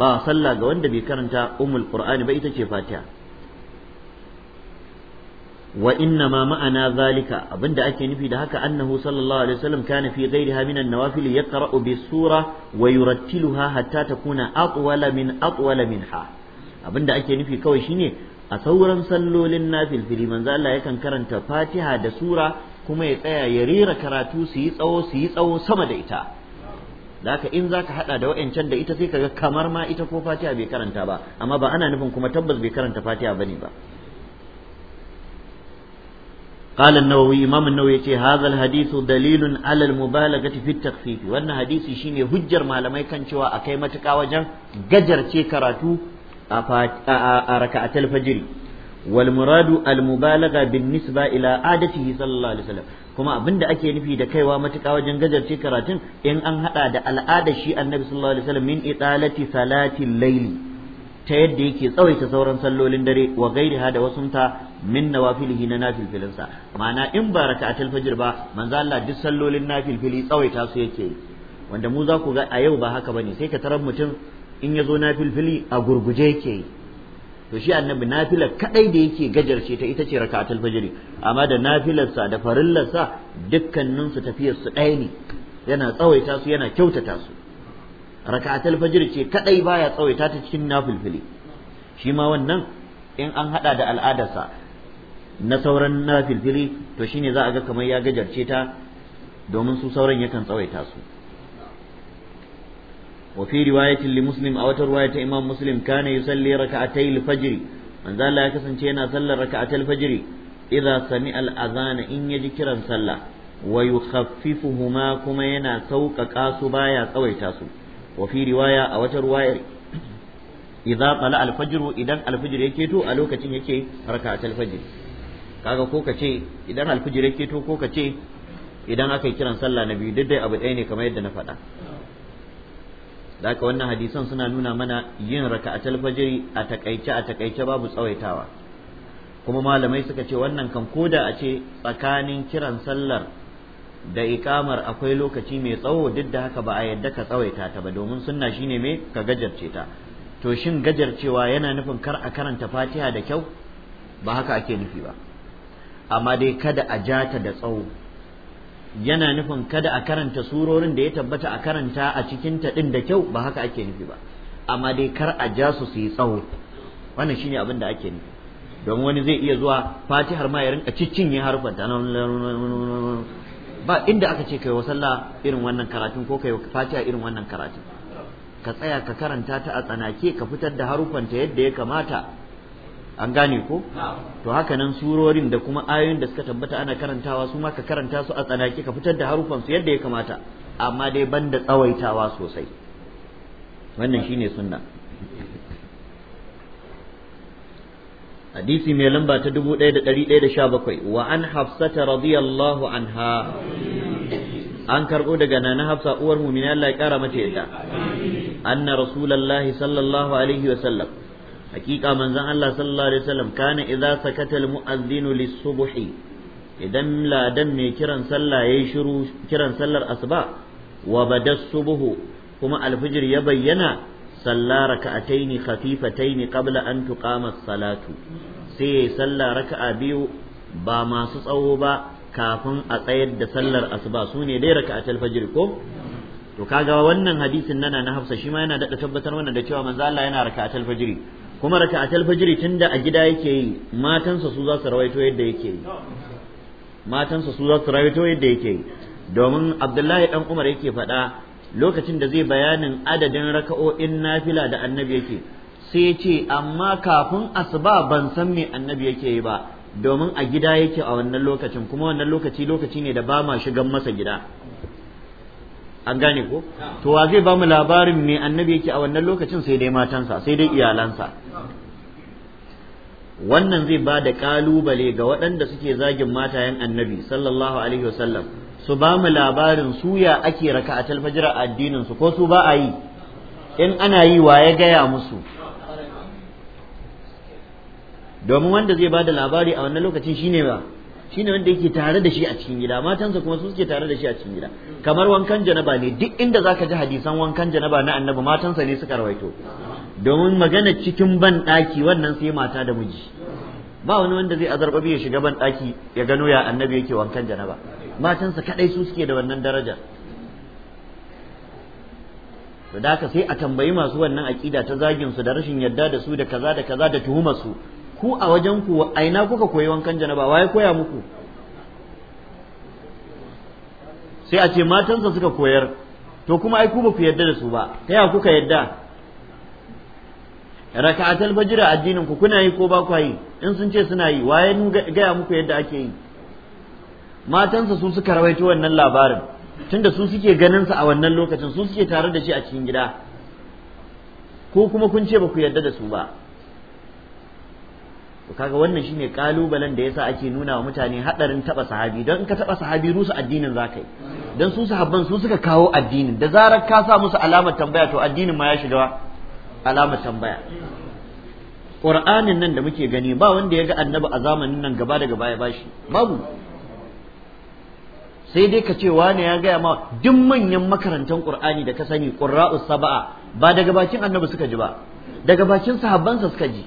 ba sallah ga wanda bai karanta ummul qur'ani ba ita ce fatiha wa inna ma ma'ana zalika abinda ake nufi da haka annahu sallallahu alaihi wasallam kana fi ghairiha min an-nawafil yaqra'u bi sura wa yurattiluha hatta takuna atwala min atwala minha Abin da ake nufi kawai shine a sauran sallolin nafilfili manzo Allah yakan karanta Fatiha da sura kuma ya tsaya ya rera karatu su yi tsawo su yi tsawo sama da ita zaka in zaka hada da wayancan da ita sai kaga kamar ma ita ko Fatiha bai karanta ba amma ba ana nufin kuma tabbas bai karanta Fatiha bane ba قال النووي امام النووي يتي هذا الحديث دليل على المبالغه في التخفيف wannan hadisi shine hujjar malamai kan cewa akai matuka wajen gajarce karatu a raka'atul fajr wal muradu al mubalagha bin nisba ila adatihi sallallahu alaihi wasallam kuma abinda ake nufi da kaiwa matuƙa wajen gajarce karatun in an hada da al'ada shi annabi sallallahu alaihi wasallam min italati salatil layli ta yadda yake tsawaita sauran sallolin dare wa gairiha da ta min nawafilihi na sa ma'ana in ba raka'atul fajr ba manzo Allah duk sallolin nafilfili tsawaita su yake wanda mu za ku ga a yau ba haka bane sai ka tarar mutum in ya zo nafilfili a gurguje yake yi to shi annabi nafila kadai da yake gajarce ta ita ce rakatul fajr amma da nafilarsa da farillarsa dukkanin su tafiyar su ɗaya ne yana tsawaita su yana kyautata su rakatul fajr ce kadai baya tsawaita ta cikin nafilfili shi ma wannan in an hada da al'adarsa na sauran nafilfili to shine za a ga kamar ya gajarce ta domin su sauran yakan tsawaita su wa fi riwayatin li a wata ruwa ta imam muslim kana yusalli raka'atay al-fajr manzo ya kasance yana sallar raka'atay al-fajr idza sami al-adhana in yaji kiran sallah wa yukhaffifuhuma kuma yana sauƙaƙa su baya tsawaita su wa fi a wata riwayar idan to a lokacin kaga ko kace idan al yake to ko kace idan aka yi kiran sallah na biyu duk dai abu ɗaya ne kamar yadda na faɗa da haka wannan hadisan suna nuna mana yin raka'atul fajr a takaice a takaice babu tsawaitawa kuma malamai suka ce wannan kan koda a ce tsakanin kiran sallar da ikamar akwai lokaci mai tsawo duk da haka ba a yadda ka tsawaita ta ba domin sunna shine mai ka gajarce ta to shin gajarcewa yana nufin kar a karanta fatiha da kyau ba haka ake nufi ba amma dai kada a jata da tsawo yana nufin kada a karanta surorin da ya tabbata a karanta a cikin ta din da kyau ba haka ake nufi ba amma dai kar a ja su su yi tsawo wannan shine abin da ake nufi don wani zai iya zuwa fatihar ma ya rinka ciccinye harfanta ba inda aka ce kai wasalla sallah irin wannan karatun ko kai fatiha irin wannan karatun ka tsaya ka karanta ta a tsanake ka fitar da harufanta yadda ya kamata an gane ko to haka nan surorin da kuma ayoyin da suka tabbata ana karantawa su ma ka karanta su a tsanaki ka fitar da harufan su yadda ya kamata amma dai banda tsawaitawa sosai wannan shine sunna hadisi mai lamba ta 1117 wa an hafsata radiyallahu anha an karɓo daga nana hafsa uwar mu'mina Allah ya kara mata yadda anna rasulullahi sallallahu alaihi wa sallam hakika manzon Allah sallallahu alaihi wasallam kana idza sakata al-mu'adhdhin lis-subh idan ladan mai kiran sallah yayi shiru kiran sallar asuba wa bada subuhu kuma alfijir ya bayyana salla raka'ataini khafifataini qabla an tuqama as-salatu sai salla raka'a biyu ba masu tsawo ba kafin a tsayar da sallar asuba su ne dai raka'atul fajr ko to kaga wannan hadisin nana na Hafsa shi ma yana da tabbatar wannan da cewa manzo Allah yana raka'atul fajr kuma talfajiri tun da a gida yake yi matansa su za su rawaito yadda yake yi matansa su za su rawaito yadda yake yi domin Abdullahi ɗan Umar yake faɗa lokacin da zai bayanin adadin raka'o'in nafila da annabi yake sai ya ce amma kafin asuba ban san me annabi yake yi ba domin a gida yake a wannan lokacin kuma wannan lokaci lokaci ne da ba ma shigan masa gida an gane ko to wa zai ba mu labarin me annabi yake a wannan lokacin sai dai matansa sai dai iyalansa wannan zai ba da kalubale ga waɗanda suke zagin matayen annabi sallallahu alaihi wasallam su ba mu labarin suya ake raka a talfajir a addinin su ko su ba a yi in ana yi wa ya gaya musu domin wanda zai ba da labari a wannan lokacin shine ba shine wanda yake tare da shi a cikin gida matansa kuma su suke tare da shi a cikin gida kamar wankan janaba ne duk inda zaka ji hadisan wankan janaba na annabi matansa ne suka rawaito domin magana cikin ban daki wannan sai mata da miji ba wani wanda zai azarba ya shiga ban daki ya gano ya annabi yake wankan janaba matansa kadai su suke da wannan daraja da haka sai a tambayi masu wannan aƙida ta zagin su da rashin yadda da su da kaza da kaza da tuhumar su ku a wajen ku a ina kuka koyi wankan janaba waye koya muku sai a ce matansa suka koyar to kuma ai ku ba ku yarda da su ba ta ya kuka yarda raka'atul fajr addinin ku kuna yi ko ba ku yi in sun ce suna yi waye gaya muku yadda ake yi matansa su suka rawaito wannan labarin tunda su suke ganin sa a wannan lokacin su suke tare da shi a cikin gida ko kuma kun ce ba ku yarda da su ba to kaga wannan shine kalubalen da yasa ake nuna wa mutane hadarin taba sahabi don ka taba sahabi rusu addinin zakai dan su sahabban su suka kawo addinin da zarar ka sa musu alamar tambaya to addinin ma ya shiga alamar tambaya Qur'anin nan da muke gani ba wanda ya ga annabi a zamanin nan gaba da gaba bashi babu sai dai ka ce wane ya gaya ma duk manyan makarantan Qur'ani da ka sani qurra'us saba'a ba daga bakin annabi suka ji ba daga bakin sahabbansa suka ji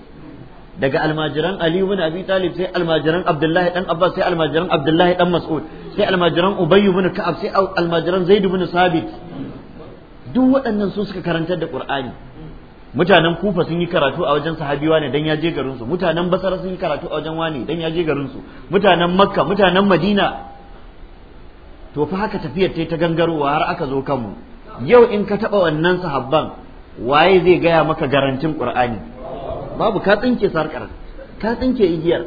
daga almajiran Ali ibn Abi Talib sai almajiran Abdullahi dan Abbas sai almajiran Abdullahi dan Mas'ud sai almajiran Ubay ibn Ka'ab sai almajiran Zaid ibn Sabit duk waɗannan su suka karantar da Qur'ani mutanen Kufa sun yi karatu a wajen sahabi wane dan ya je garin su mutanen Basra sun yi karatu a wajen wane dan ya je garin su mutanen Makka mutanen Madina to fa haka tafiyar ta gangarowa har aka zo kanmu yau in ka taba wannan sahabban waye zai gaya maka garantin Qur'ani babu ka tsinke sarƙar ka tsinke igiyar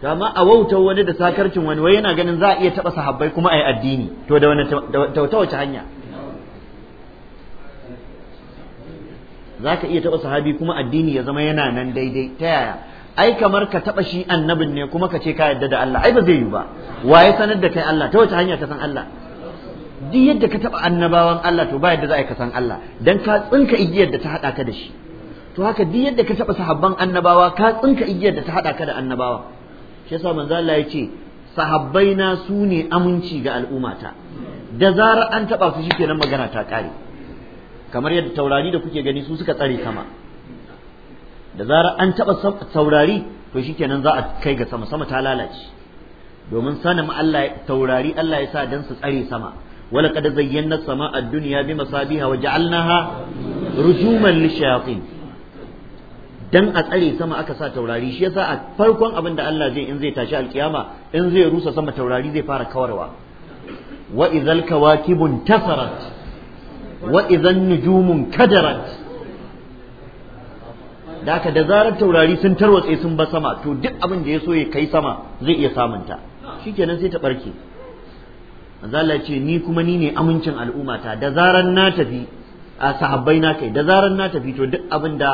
to amma a wautar wani da sakarcin wani wai yana ganin za a iya taɓa sahabbai kuma a yi addini to da wani ta wace hanya Za ka iya taɓa sahabi kuma addini ya zama yana nan daidai ta yaya ai kamar ka taɓa shi annabin ne kuma ka ce ka yadda da Allah ai ba zai yi ba waye sanar da kai Allah ta wace hanya ka san Allah duk yadda ka taɓa annabawan Allah to ba yadda za a yi ka san Allah dan ka tsinka igiyar da ta hada ka da shi to haka duk yadda ka taɓa sahabban annabawa ka tsinka igiyar da ta haɗa ka da annabawa shi yasa manzo Allah ya ce sahabbai na sune aminci ga al'ummata da zarar an taɓa su shikenan magana ta ƙare kamar yadda taurari da kuke gani su suka tsare sama da zarar an taɓa taurari to shikenan za a kai ga sama sama ta lalace domin sanin Allah taurari Allah ya sa dan su tsare sama ولقد زينا السماء الدنيا بمصابيح وجعلناها رجوما للشياطين dan a tsare sama aka sa taurari shi yasa a farkon abin da Allah zai in zai tashi alkiyama in zai rusa sama taurari zai fara kawarwa wa idzal kawakibun tasarat wa idzan nujumun kadarat da da zarar taurari sun tarwatse sun ba sama to duk abin da ya so ya kai sama zai iya samunta shikenan sai ta barke manzo ce ni kuma ni ne amincin al'ummata da zarar na tafi a sahabbai na kai da zarar na tafi to duk abin da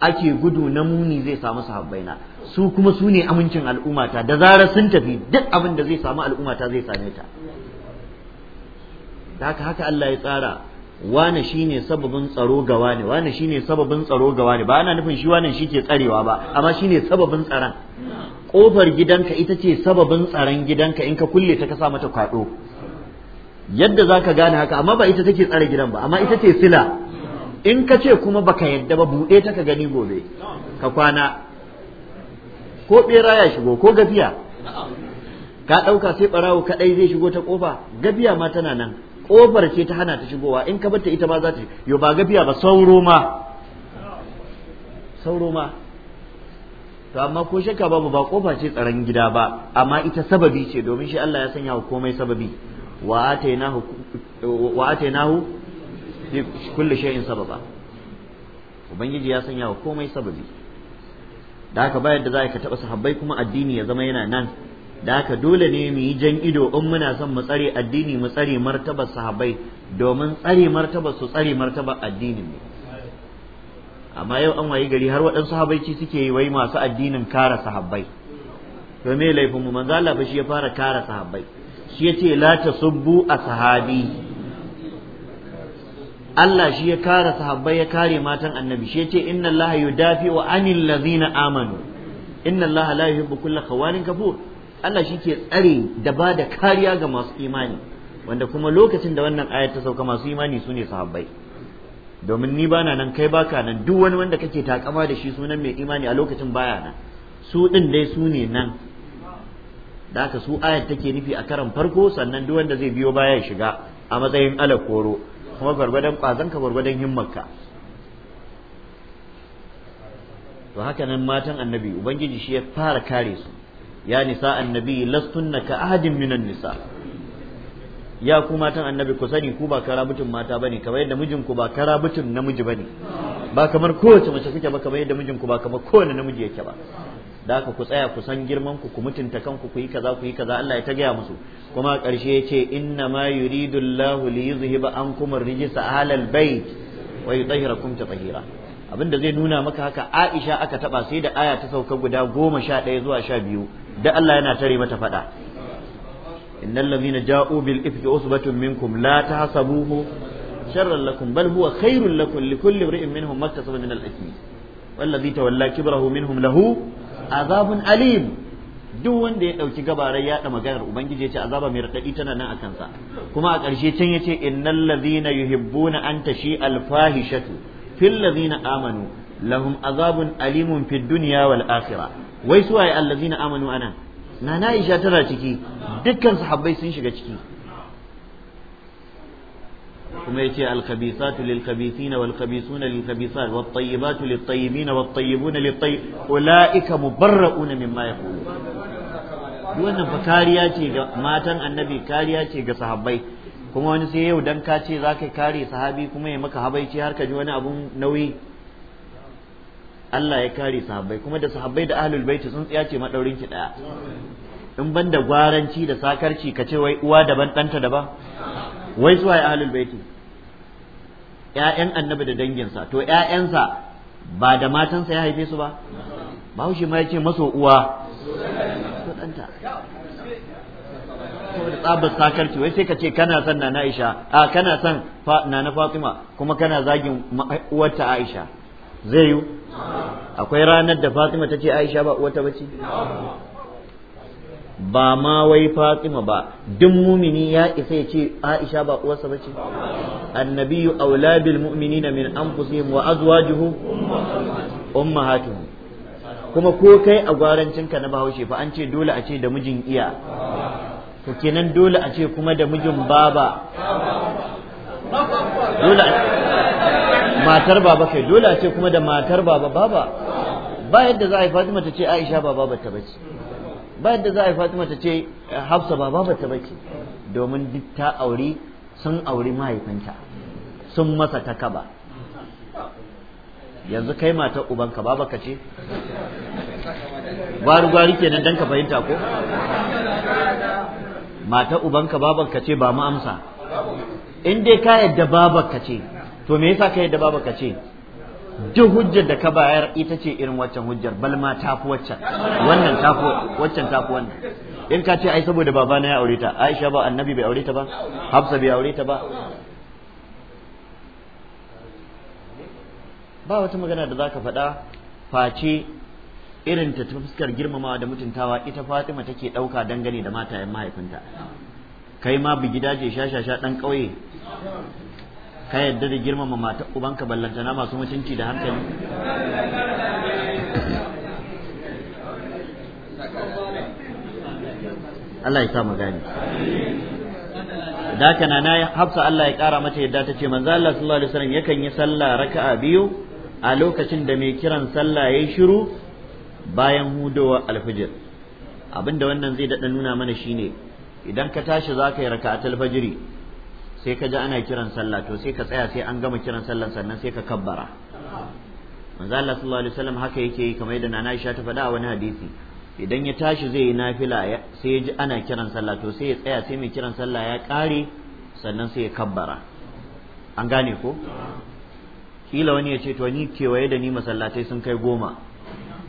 ake gudu na muni zai samu sahabbaina su kuma su ne amincin al'ummata da zarar sun tafi duk abin da zai samu al'ummata zai same ta da haka haka Allah ya tsara wane shine sababin tsaro ga wane wane shine sababin tsaro ga wane ba ana nufin shi wane shi ke tsarewa ba amma shine sababin tsaron kofar gidanka ita ce sababin tsaron gidanka in ka kulle ta ka sa mata kwado yadda zaka gane haka amma ba ita take tsare gidan ba amma ita ce sila in ka ce kuma baka yadda ba buɗe ta ka gani gobe ka kwana ko ɓera ya shigo ko gafiya ka ɗauka sai ɓarawo kaɗai zai shigo ta ƙofa gafiya ma tana nan ƙofar ce ta hana ta shigowa in ka batta ita ma za ta yo ba gafiya ba sauro ma sauro ma to amma ko shakka babu ba ƙofa ce tsaron gida ba amma ita sababi ce domin shi Allah ya sanya wa komai sababi wa atainahu wa atainahu kulle kulli shay'in sababa ubangiji ya sanya wa komai sababi da haka bayan da za ka taɓa sahabbai kuma addini ya zama yana nan da haka dole ne mu yi jan ido in muna son mu tsare addini mu tsare martabar sahabbai domin tsare martabar su tsare martabar addinin mu amma yau an wayi gari har waɗansu habaici suke yi wai masu addinin kara sahabbai to me laifin mu manzo Allah shi ya fara kara sahabbai shi yace la tasubbu sahabi. Allah shi ya kare sahabbai ya kare matan annabi shi yace inna Allah yudafi wa anil ladhina amanu inna Allah la yuhibbu kulla khawalin kafur Allah shi ke tsare da ba da kariya ga masu imani wanda kuma lokacin da wannan ayar ta sauka masu imani su ne sahabbai domin ni bana nan kai baka nan duk wani wanda kake takama da shi sunan mai imani a lokacin baya na, su din dai su ne nan da ka su ayat take nufi a karan farko sannan duk wanda zai biyo baya ya shiga a matsayin alakoro kuma gwargwadon ƙwazonka gwargwadon himmarka to haka nan matan annabi ubangiji shi ya fara kare su ya nisa annabi lastunna ka ahadin minan nisa ya ku matan annabi ku sani ku ba karabutun mata bane kamar yadda mijinku ba karabutun namiji bane ba kamar kowace mace kuke ba kamar yadda mijinku ba kamar kowane namiji yake ba da haka ku tsaya ku san girman ku ku mutunta kanku ku yi kaza ku yi kaza Allah ya ta gaya musu kuma karshe ya ce inna ma yuridu Allahu li yuzhiba ankum ar-rijsa ahlal bait wa yutahhirakum tatahira abinda zai nuna maka haka Aisha aka taba sai da aya ta sauka guda goma sha ɗaya zuwa sha biyu da Allah yana tare mata faɗa innal ladhina ja'u bil ifki usbatun minkum la tahsabuhu sharran lakum bal huwa khairul lakum kulli imrin minhum maktasaba min al-ithmi والذي تولى كبره منهم له azabun alim duk wanda ya ɗauki gabarai ya ɗa maganar ubangiji ya ce azaba mai raɗaɗi tana nan a kansa kuma a ƙarshe can ya ce innal ladhina yuhibbuna an tashi alfahishatu fil ladhina amanu lahum azabun alimun fid dunya wal akhirah wai su waye allazina amanu anan nana Aisha tana ciki dukkan sahabbai sun shiga ciki kuma yace al-khabithatu lil-khabithina wal-khabithuna lil-khabithat wat-tayyibatu lit-tayyibina wat-tayyibuna lit-tayyib ulaika mubarra'una mimma yaqulun duk wannan fa kariya ce ga matan annabi kariya ce ga sahabbai kuma wani sai yau dan ka ce zaka kare sahabi kuma ya maka habaici har ka ji wani abun nauyi Allah ya kare sahabbai kuma da sahabbai da ahlul bait sun tsiya ce madaurin ki daya in ban da gwaranci da sakarci ka ce wai uwa daban ɗanta daban wai zuwa ahlul baiti Ya'yan annabi da danginsa to ya'yansa ba da matansa ya haife su ba bahaushe ma ya ce maso uwa to ɗanta saboda tsabar sakarci wai sai ka ce kana son na Aisha a kana son na Fatima kuma kana zagin uwarta Aisha zai yi akwai ranar da Fatima ta ce Aisha ba uwarta bace ba ma wai fatima ba duk mumini ya isa ya ce aisha ba uwarsa ba ce annabiyu aula bil mu'minina min anfusihim wa azwajuhu ummahatuhum kuma ko kai a gwarancinka na bahaushe fa an ce dole a ce da mijin iya to kenan dole a ce kuma da mijin baba dole matar baba kai dole a ce kuma da matar baba baba ba yadda za a yi fatima ta ce aisha ba baba ta bace ba yadda za a yi fatima ta ce hafsa ba ba ta bace domin duk ta auri sun auri mahaifinta sun masa ta kaba yanzu kai matar ubanka ba baka ce gwari gwari kenan dan ka fahimta ko mata ubanka babanka ce ba mu amsa in dai ka yadda babanka ce to me yasa ka yadda babanka ce duk hujjar da ka bayar ita ce irin waccan hujjar bal ma tafi waccan wannan tafi waccan tafi wannan in ka ce ai saboda babana ya aure ta Aisha ba annabi bai aure ta ba Hafsa bai aure ta ba ba wata magana da zaka faɗa face irin ta fuskar girmamawa da mutuntawa ita Fatima take ɗauka dangane da matayen mahaifinta kai ma bi gidaje shashasha dan ƙauye ka yadda da girmama mata ubanka ballantana masu mutunci da hankali Allah ya sa mu gani da kana na hafsa Allah ya kara mata yadda ta ce manzo Allah sallallahu alaihi wasallam yakan yi sallah raka'a biyu a lokacin da mai kiran sallah yayi shiru bayan hudowa alfijir abinda wannan zai dada nuna mana shine idan ka tashi zaka yi raka'atul fajiri sai ka ji ana kiran sallah to sai ka tsaya sai an gama kiran sallah sannan sai ka kabbara manzo Allah sallallahu alaihi wasallam haka yake yi kamar yadda Nana Aisha ta faɗa a wani hadisi idan ya tashi zai yi nafila sai ya ji ana kiran sallah to sai ya tsaya sai mai kiran sallah ya ƙare sannan sai ya kabbara an gane ko kila wani ya ce to ni kewaye da ni masallatai sun kai goma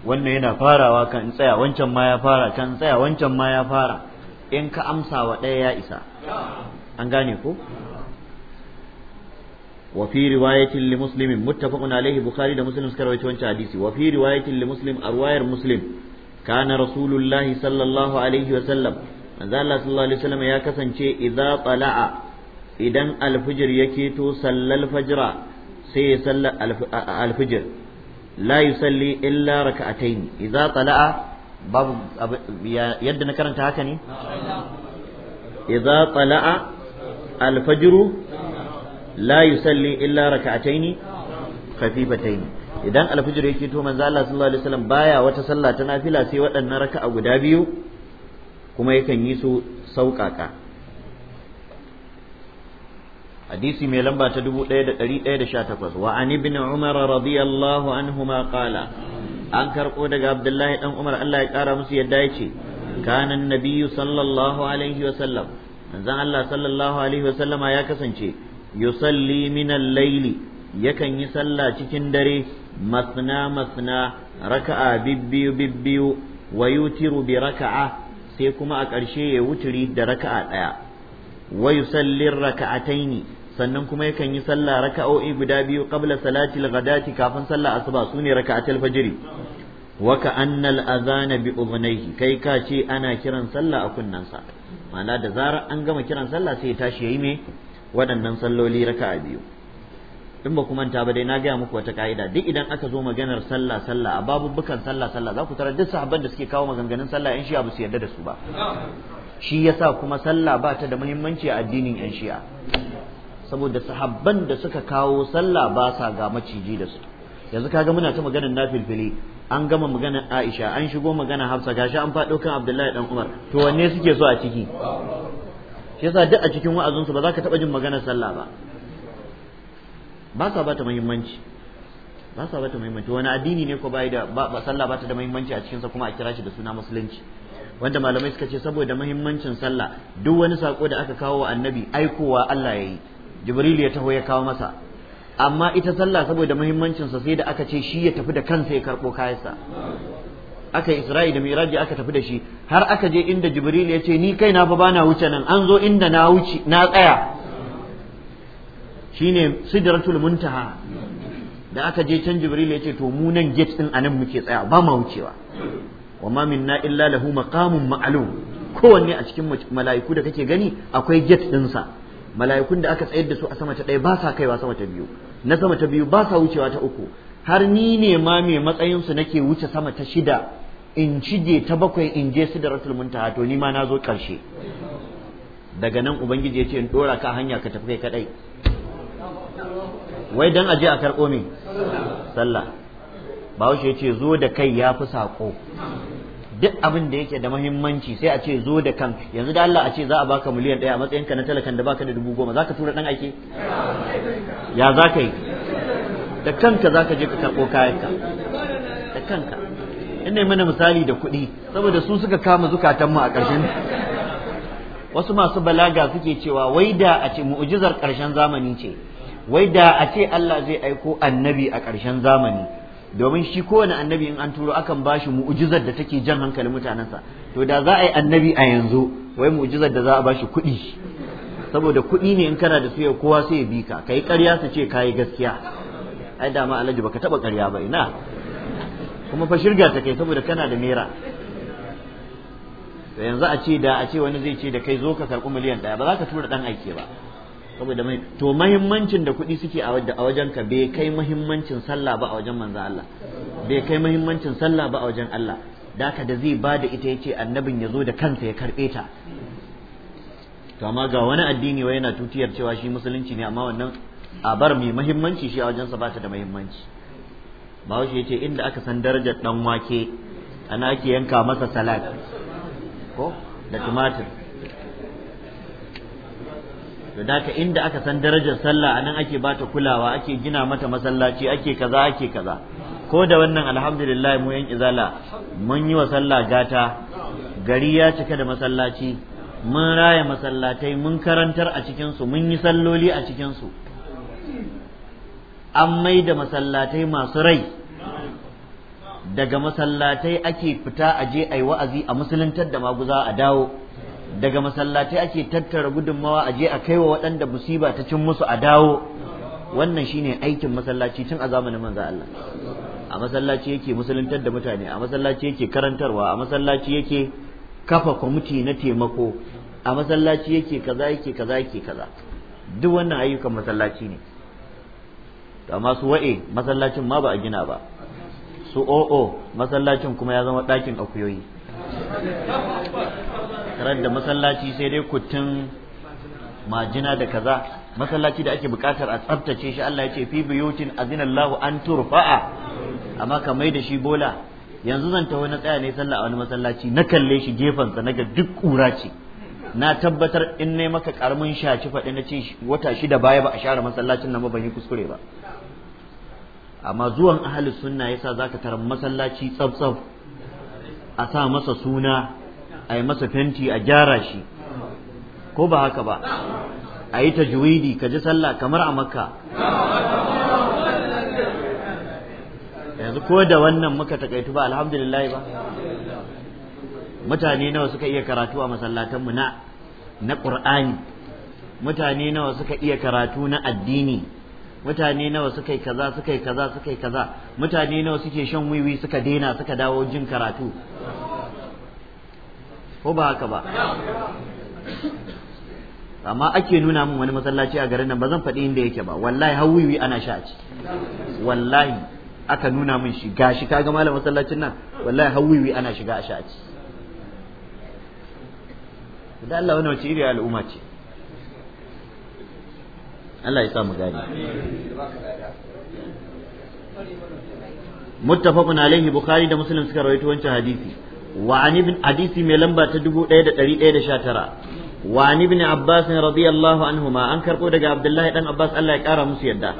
wannan yana farawa kan tsaya wancan ma ya fara kan tsaya wancan ma ya fara in ka amsa wa ɗaya ya isa an gane ko wa fi riwayatin li muslimin muttafaqun Alayhi bukhari da muslim suka rawaito wancan hadisi wa fi riwayatin li muslim arwayar muslim kana rasulullahi sallallahu alaihi wa sallam manzo Allah sallallahu alaihi wa sallam ya kasance idza tala'a idan alfijir yake to sallal fajra sai ya salla alfijir la yusalli illa raka'atayn idza tala'a babu yadda na karanta haka ne idza tala'a alfajiru la yusalli illa raka'ataini khafifataini idan alfajiru yake to manzo Allah sallallahu alaihi wasallam baya wata sallah ta nafila sai waɗannan raka'a guda biyu kuma yakan yi su sauƙaƙa hadisi mai lamba ta 1118 wa an ibn umar radiyallahu anhuma qala an karɓo daga abdullahi dan umar Allah ya ƙara musu yadda yace kana annabiyyu sallallahu alaihi wasallam manzon Allah sallallahu alaihi wasallama ya kasance yusalli min al-layli yakan yi sallah cikin dare masna masna raka'a bibbiyu bibbiyu wa yutiru bi raka'a sai kuma a ƙarshe ya wuturi da raka'a ɗaya wa yusalli raka'ataini sannan kuma yakan yi sallah raka'o'i guda biyu qabla salatil ghadati kafin sallah asuba sune raka'atul fajri wa ka annal adhana bi udhnayhi kai ka ce ana kiran sallah a kunnansa ma'ana da zarar an gama kiran sallah sai ya tashi yayi me waɗannan salloli raka'a biyu in ba ku manta ba dai na gaya muku wata ka'ida duk idan aka zo maganar sallah sallah a babubukan sallah sallah za ku tarar duk sahabban da suke kawo maganganun sallah yan shi'a ba su yarda da su ba shi yasa kuma sallah ba ta da muhimmanci a addinin yan shi'a saboda sahabban da suka kawo sallah ba sa ga maciji da su yanzu kaga muna ta maganar filfili. an gama magana Aisha an shigo magana Hafsa gashi an faɗo kan Abdullahi dan Umar to wanne suke so a ciki shi yasa duk a cikin wa'azin su ba za ka taɓa jin maganar sallah ba ba sa bata muhimmanci ba sa bata muhimmanci wani addini ne ko bai da ba sallah bata da muhimmanci a cikin sa kuma a kira shi da suna musulunci wanda malamai suka ce saboda muhimmancin sallah duk wani sako da aka kawo wa annabi aikowa Allah yayi Jibril ya taho ya kawo masa amma ita sallah saboda muhimmancin sa sai da aka ce shi ya tafi da kansa ya karbo kayansa aka Isra'i da Miraji aka tafi da shi har aka je inda Jibril ya ce ni kai na fa bana wuce nan an zo inda na wuce na tsaya shine sidratul muntaha da aka je can Jibril ya ce to mu nan gate din anan muke tsaya ba ma wucewa wa ma minna illa lahu maqamun ma'lum kowanne a cikin mala'iku da kake gani akwai gate sa mala'ikun da aka tsayar da su a sama ta ɗaya ba sa kaiwa sama ta biyu na sama ta biyu ba sa wucewa ta uku har ni ne ma mai matsayinsu nake wuce sama ta shida in cije ta bakwai in je su da ratul muntaha to ni ma na zo ƙarshe daga nan ubangiji ya ce in dora ka hanya ka tafi kai kadai wai dan aje a karɓo min sallah bahaushe ya ce zo da kai ya fi saƙo duk abin da yake da mahimmanci sai a ce zo da kan yanzu da Allah a ce za a baka miliyan ɗaya a matsayin ka na talakan da baka da dubu goma zaka tura dan aiki ya za ka yi da kanka za ka je ka karɓo kayanka da kanka in ne mana misali da kuɗi saboda su suka kama zukatanmu a ƙarshen wasu masu balaga suke cewa wai da a ce mu'ujizar ƙarshen zamani ce wai da a ce Allah zai aiko annabi a ƙarshen zamani domin shi kowane annabi in an turo akan ba shi mu'ujizar da take jan hankalin mutanensa to da za a yi annabi a yanzu wai mu'ujizar da za a ba shi kuɗi saboda kuɗi ne in kana da su kowa sai ya bi ka kai ƙarya su ce kayi gaskiya ai da ma alhaji baka taɓa ƙarya ba ina kuma fa shirga ta kai saboda kana da naira to yanzu a ce da a ce wani zai ce da kai zo ka karɓi miliyan ɗaya ba za ka tura ɗan aike ba saboda mai to mahimmancin da kuɗi suke a wajen ka bai kai mahimmancin sallah ba a wajen manzo Allah bai kai mahimmancin sallah ba a wajen Allah daka da zai bada ita yace annabin ya zo da kansa ya karɓe ta to amma ga wani addini wai yana tutiyar cewa shi musulunci ne amma wannan bar mai mahimmanci shi a wajensa ba ta da mahimmanci bahaushe ya ce inda aka san darajar dan wake ana ake yanka masa salad ko da tumatir to daka inda aka san darajar sallah anan ake bata kulawa ake gina mata masallaci ake kaza ake kaza ko da wannan alhamdulillah mu yan izala mun yi wa sallah gata gari ya cika da masallaci mun raya masallatai mun karantar a cikin su mun yi salloli a cikin su an mai da masallatai masu rai daga masallatai ake fita a je a yi wa'azi a musuluntar da maguza a dawo daga masallatai ake tattara gudunmawa a je a kaiwa waɗanda musiba ta cin musu a dawo wannan shine aikin masallaci tun a zamanin manzo Allah a masallaci yake musuluntar da mutane a masallaci yake karantarwa a masallaci yake kafa kwamiti na taimako a masallaci yake kaza yake kaza yake kaza duk wannan ayyukan masallaci ne to amma su wa'e masallacin ma ba a gina ba su o'o masallacin kuma ya zama ɗakin akuyoyi tarar da masallaci sai dai kutun majina da kaza masallaci da ake bukatar a tsaftace shi Allah ya ce fi buyutin azinallahu an turfa'a amma ka mai da shi bola yanzu zan taho na tsaya ne sallah a wani masallaci na kalle shi gefensa naga duk kura ce na tabbatar in ne maka karamin shaci faɗi na ce wata shida baya ba a share masallacin nan ba ban yi kuskure ba amma zuwan ahalus sunna yasa zaka tarar masallaci tsaf a sa masa suna a yi masa fenti a gyara shi ko ba haka ba a yi tajwidi ka ji sallah kamar a makka yanzu ko da wannan muka takaitu ba alhamdulillah ba mutane nawa suka iya karatu a masallatanmu na na qur'ani mutane nawa suka iya karatu na addini mutane nawa suka yi kaza suka yi kaza suka yi kaza mutane nawa suke shan wiwi suka dena suka dawo jin karatu ko ba haka ba amma ake nuna min wani masallaci a garin nan ba zan faɗi inda yake ba wallahi hawiwi ana sha a ciki wallahi aka nuna min shi gashi ga malam masallacin nan wallahi hawiwi ana shiga a sha a ciki da Allah wani wace iri al'umma ce Allah ya sa mu gani muttafaqun alayhi bukhari da muslim suka rawaito wancan hadisi wa an hadisi mai lamba ta dubu da 1119 wa an ibn abbas radiyallahu anhuma an karbo daga abdullahi dan abbas Allah ya kara musu yadda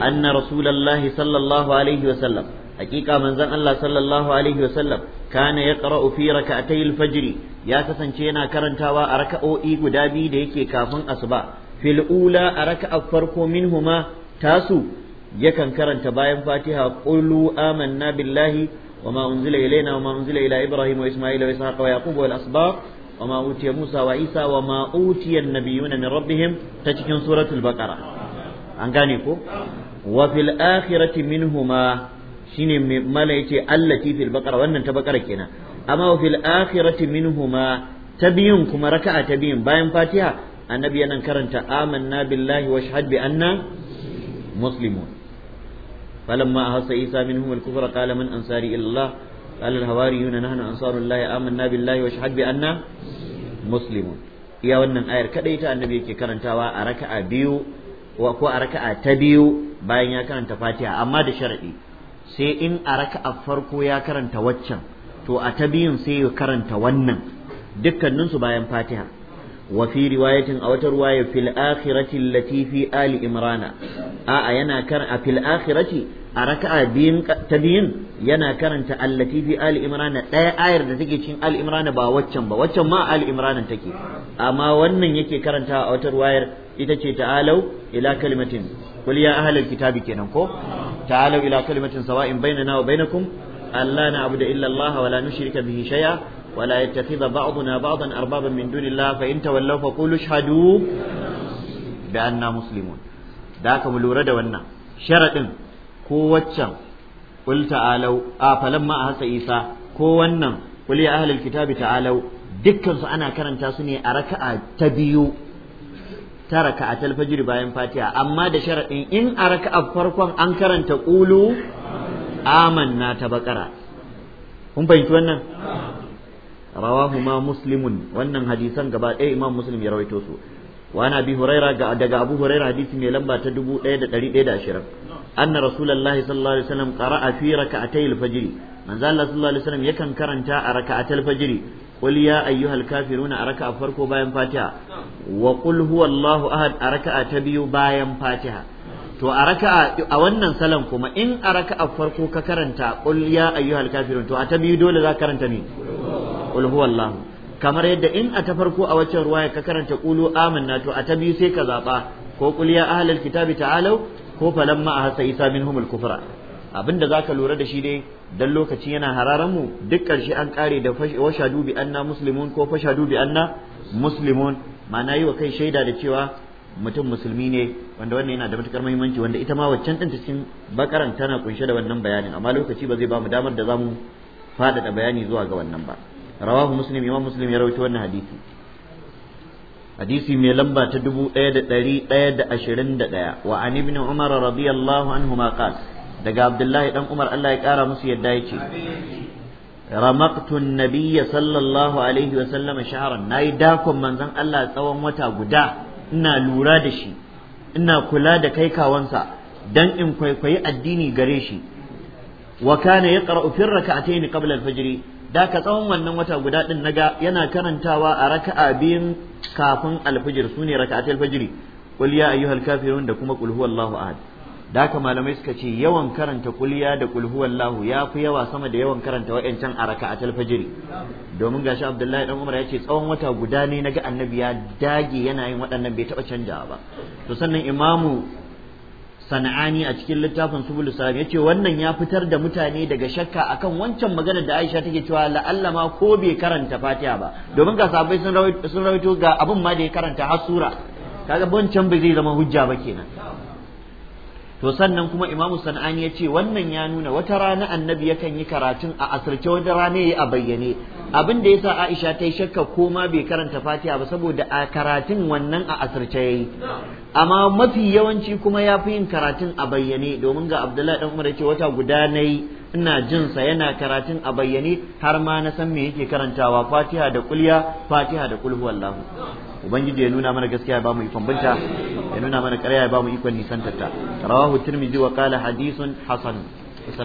anna rasulullahi sallallahu alaihi wa sallam hakika manzon Allah sallallahu alaihi wa sallam kana yaqra'u fi rak'atay al-fajr ya kasance yana karantawa a raka'o'i guda biyu da yake kafin asuba filula ula a raka'a farko minhuma tasu yakan karanta bayan fatiha qulu amanna billahi وما أنزل إلينا وما أنزل إلى إبراهيم وإسماعيل وإسحاق ويعقوب والأسباط وما أوتي موسى وعيسى وما أوتي النبيون من ربهم تتكن سورة البقرة أنقانيكو وفي الآخرة منهما شين ملائكة التي في البقرة وأن تبقرة كنا أما وفي الآخرة منهما تبين كما ركع تبين باين فاتحة النبي أن كرنت آمنا بالله واشهد بأننا مسلمون فلما أحس عيسى منهم الكفر قال من أنصاري إلى الله قال الهواريون نحن أنصار الله آمنا بالله واشهد بأننا مسلمون يا wannan ayar kadai ta annabi yake karantawa a biyu ko a raka'a ta biyu bayan ya karanta Fatiha amma da sharadi sai in a raka'a farko ya karanta waccan to a ta biyun sai ya karanta wannan dukkaninsu bayan Fatiha wa fi a wata ruwaya fil akhirati allati fi ali imrana a yana kar a fil akhirati a raka'a biyun ta biyun yana karanta allati fi ali imrana ɗaya ayar da take cikin ali imrana ba waccan ba waccan ma ali imrana take amma wannan yake karanta a wata ruwayar ita ce ta'alau ila kalimatin qul ya ahlal kitabi kenan ko ta'alau ila kalimatin sawa'in bainana wa bainakum alla na'budu illa allah wa la nushrika bihi shay'a ولا يتخذ بعضنا بعضا أربابا من دون الله فإن تولوا فقولوا اشهدوا بأننا مسلمون ذاك ملورد ونا شرط قوة قل تعالوا آه فلما أهس إيسى قوة قل يا أهل الكتاب تعالوا dukkan su ana karanta su ne a raka'a ta biyu ta raka'a ta alfajiri bayan fatiha amma da sharaɗin in a raka'a farkon an karanta ƙulu amanna ta bakara kun fahimci wannan rawahu ma muslimun wannan hadisan gaba ɗaya imam muslim ya rawaito su wa ana bi huraira daga abu huraira hadisi mai lamba ta dubu ɗaya ɗaya da da ɗari ashirin. anna rasulullahi sallallahu alaihi wasallam qara'a fi raka'atay al-fajr manzo Allah sallallahu alaihi wasallam yakan karanta a raka'atul fajr qul ya ayyuhal kafiruna a raka'a farko bayan fatiha wa qul huwallahu ahad a raka'a ta biyu bayan fatiha to a raka'a a wannan salan kuma in a raka'a farko ka karanta qul ya ayyuhal kafirun to a ta biyu dole za ka karanta ne qul huwallahu kamar yadda in a ta farko a waccan ruwaya ka karanta qulu amanna to a ta biyu sai ka zaba ko qul ya ahlal kitabi ta'alu ko falamma ahassa isa minhumul kufra abinda zaka lura da shi dai dan lokaci yana hararan mu duk karshe an kare da washadu bi anna muslimun ko fashadu bi anna muslimun ma'ana yi wa kai shaida da cewa mutum musulmi ne wanda wannan yana da matukar muhimmanci wanda ita ma waccan ɗin cikin bakaran tana kunshe da wannan bayanin amma lokaci ba zai ba mu damar da za mu faɗaɗa bayani zuwa ga wannan ba rawahu muslim imam muslim ya rawaito wannan hadisi hadisi mai lamba ta dubu ɗaya da ɗari ɗaya da ashirin da ɗaya wa an ibn umar radiyallahu anhu ma daga abdullahi dan umar Allah ya kara musu yadda yake ramaqtu an-nabiyya sallallahu alaihi wa sallam shahran nayi dakon manzon Allah tsawon wata guda ina lura da shi ina kula da kai kawansa dan in kwaikwayi addini gare shi wa kana yaqra'u fi rak'atayn qabla al-fajr da ka tsawon wannan wata guda din naga yana karantawa a raka'a biyun kafin alfijir sune raka'atul fajiri qul ya ayyuhal kafirun da kuma qul huwallahu ahad da ka malamai suka ce yawan karanta kulliya da qul huwallahu ya fi yawa sama da yawan karanta wa'ancan a raka'atul fajri domin gashi Abdullahi dan Umar ya ce tsawon wata guda ne naga annabi ya dage yana yin waɗannan bai taɓa canja ba to sannan imamu sana'ani a cikin littafin subul salam yace wannan ya fitar da mutane daga shakka akan wancan magana da Aisha take cewa la'alla ma ko bai karanta Fatiha ba domin ga sahabbai sun rawaito ga abin ma da ya karanta har sura kaga wancan bai zai zama hujja ba kenan to sannan kuma imamu sana'ani ya ce wannan ya nuna wata rana annabi yakan yi karatun a asirce wata rana ya yi a bayyane abin da yasa aisha ta yi shakka ko ma bai karanta fatiha ba saboda a karatun wannan a asirce ya yi amma mafi yawanci kuma ya fi yin karatun a bayyane domin ga abdullahi dan umar ce wata guda na yi ina jinsa yana karatun a bayyane har ma na san me yake karantawa fatiha da kulya fatiha da kulhu wallahu ubangiji ya nuna mana gaskiya ya ba mu ikon binta ya nuna mana ƙarya ya ba mu ikon nisantarta rawahu tirmidhi wa qala hadithun hasan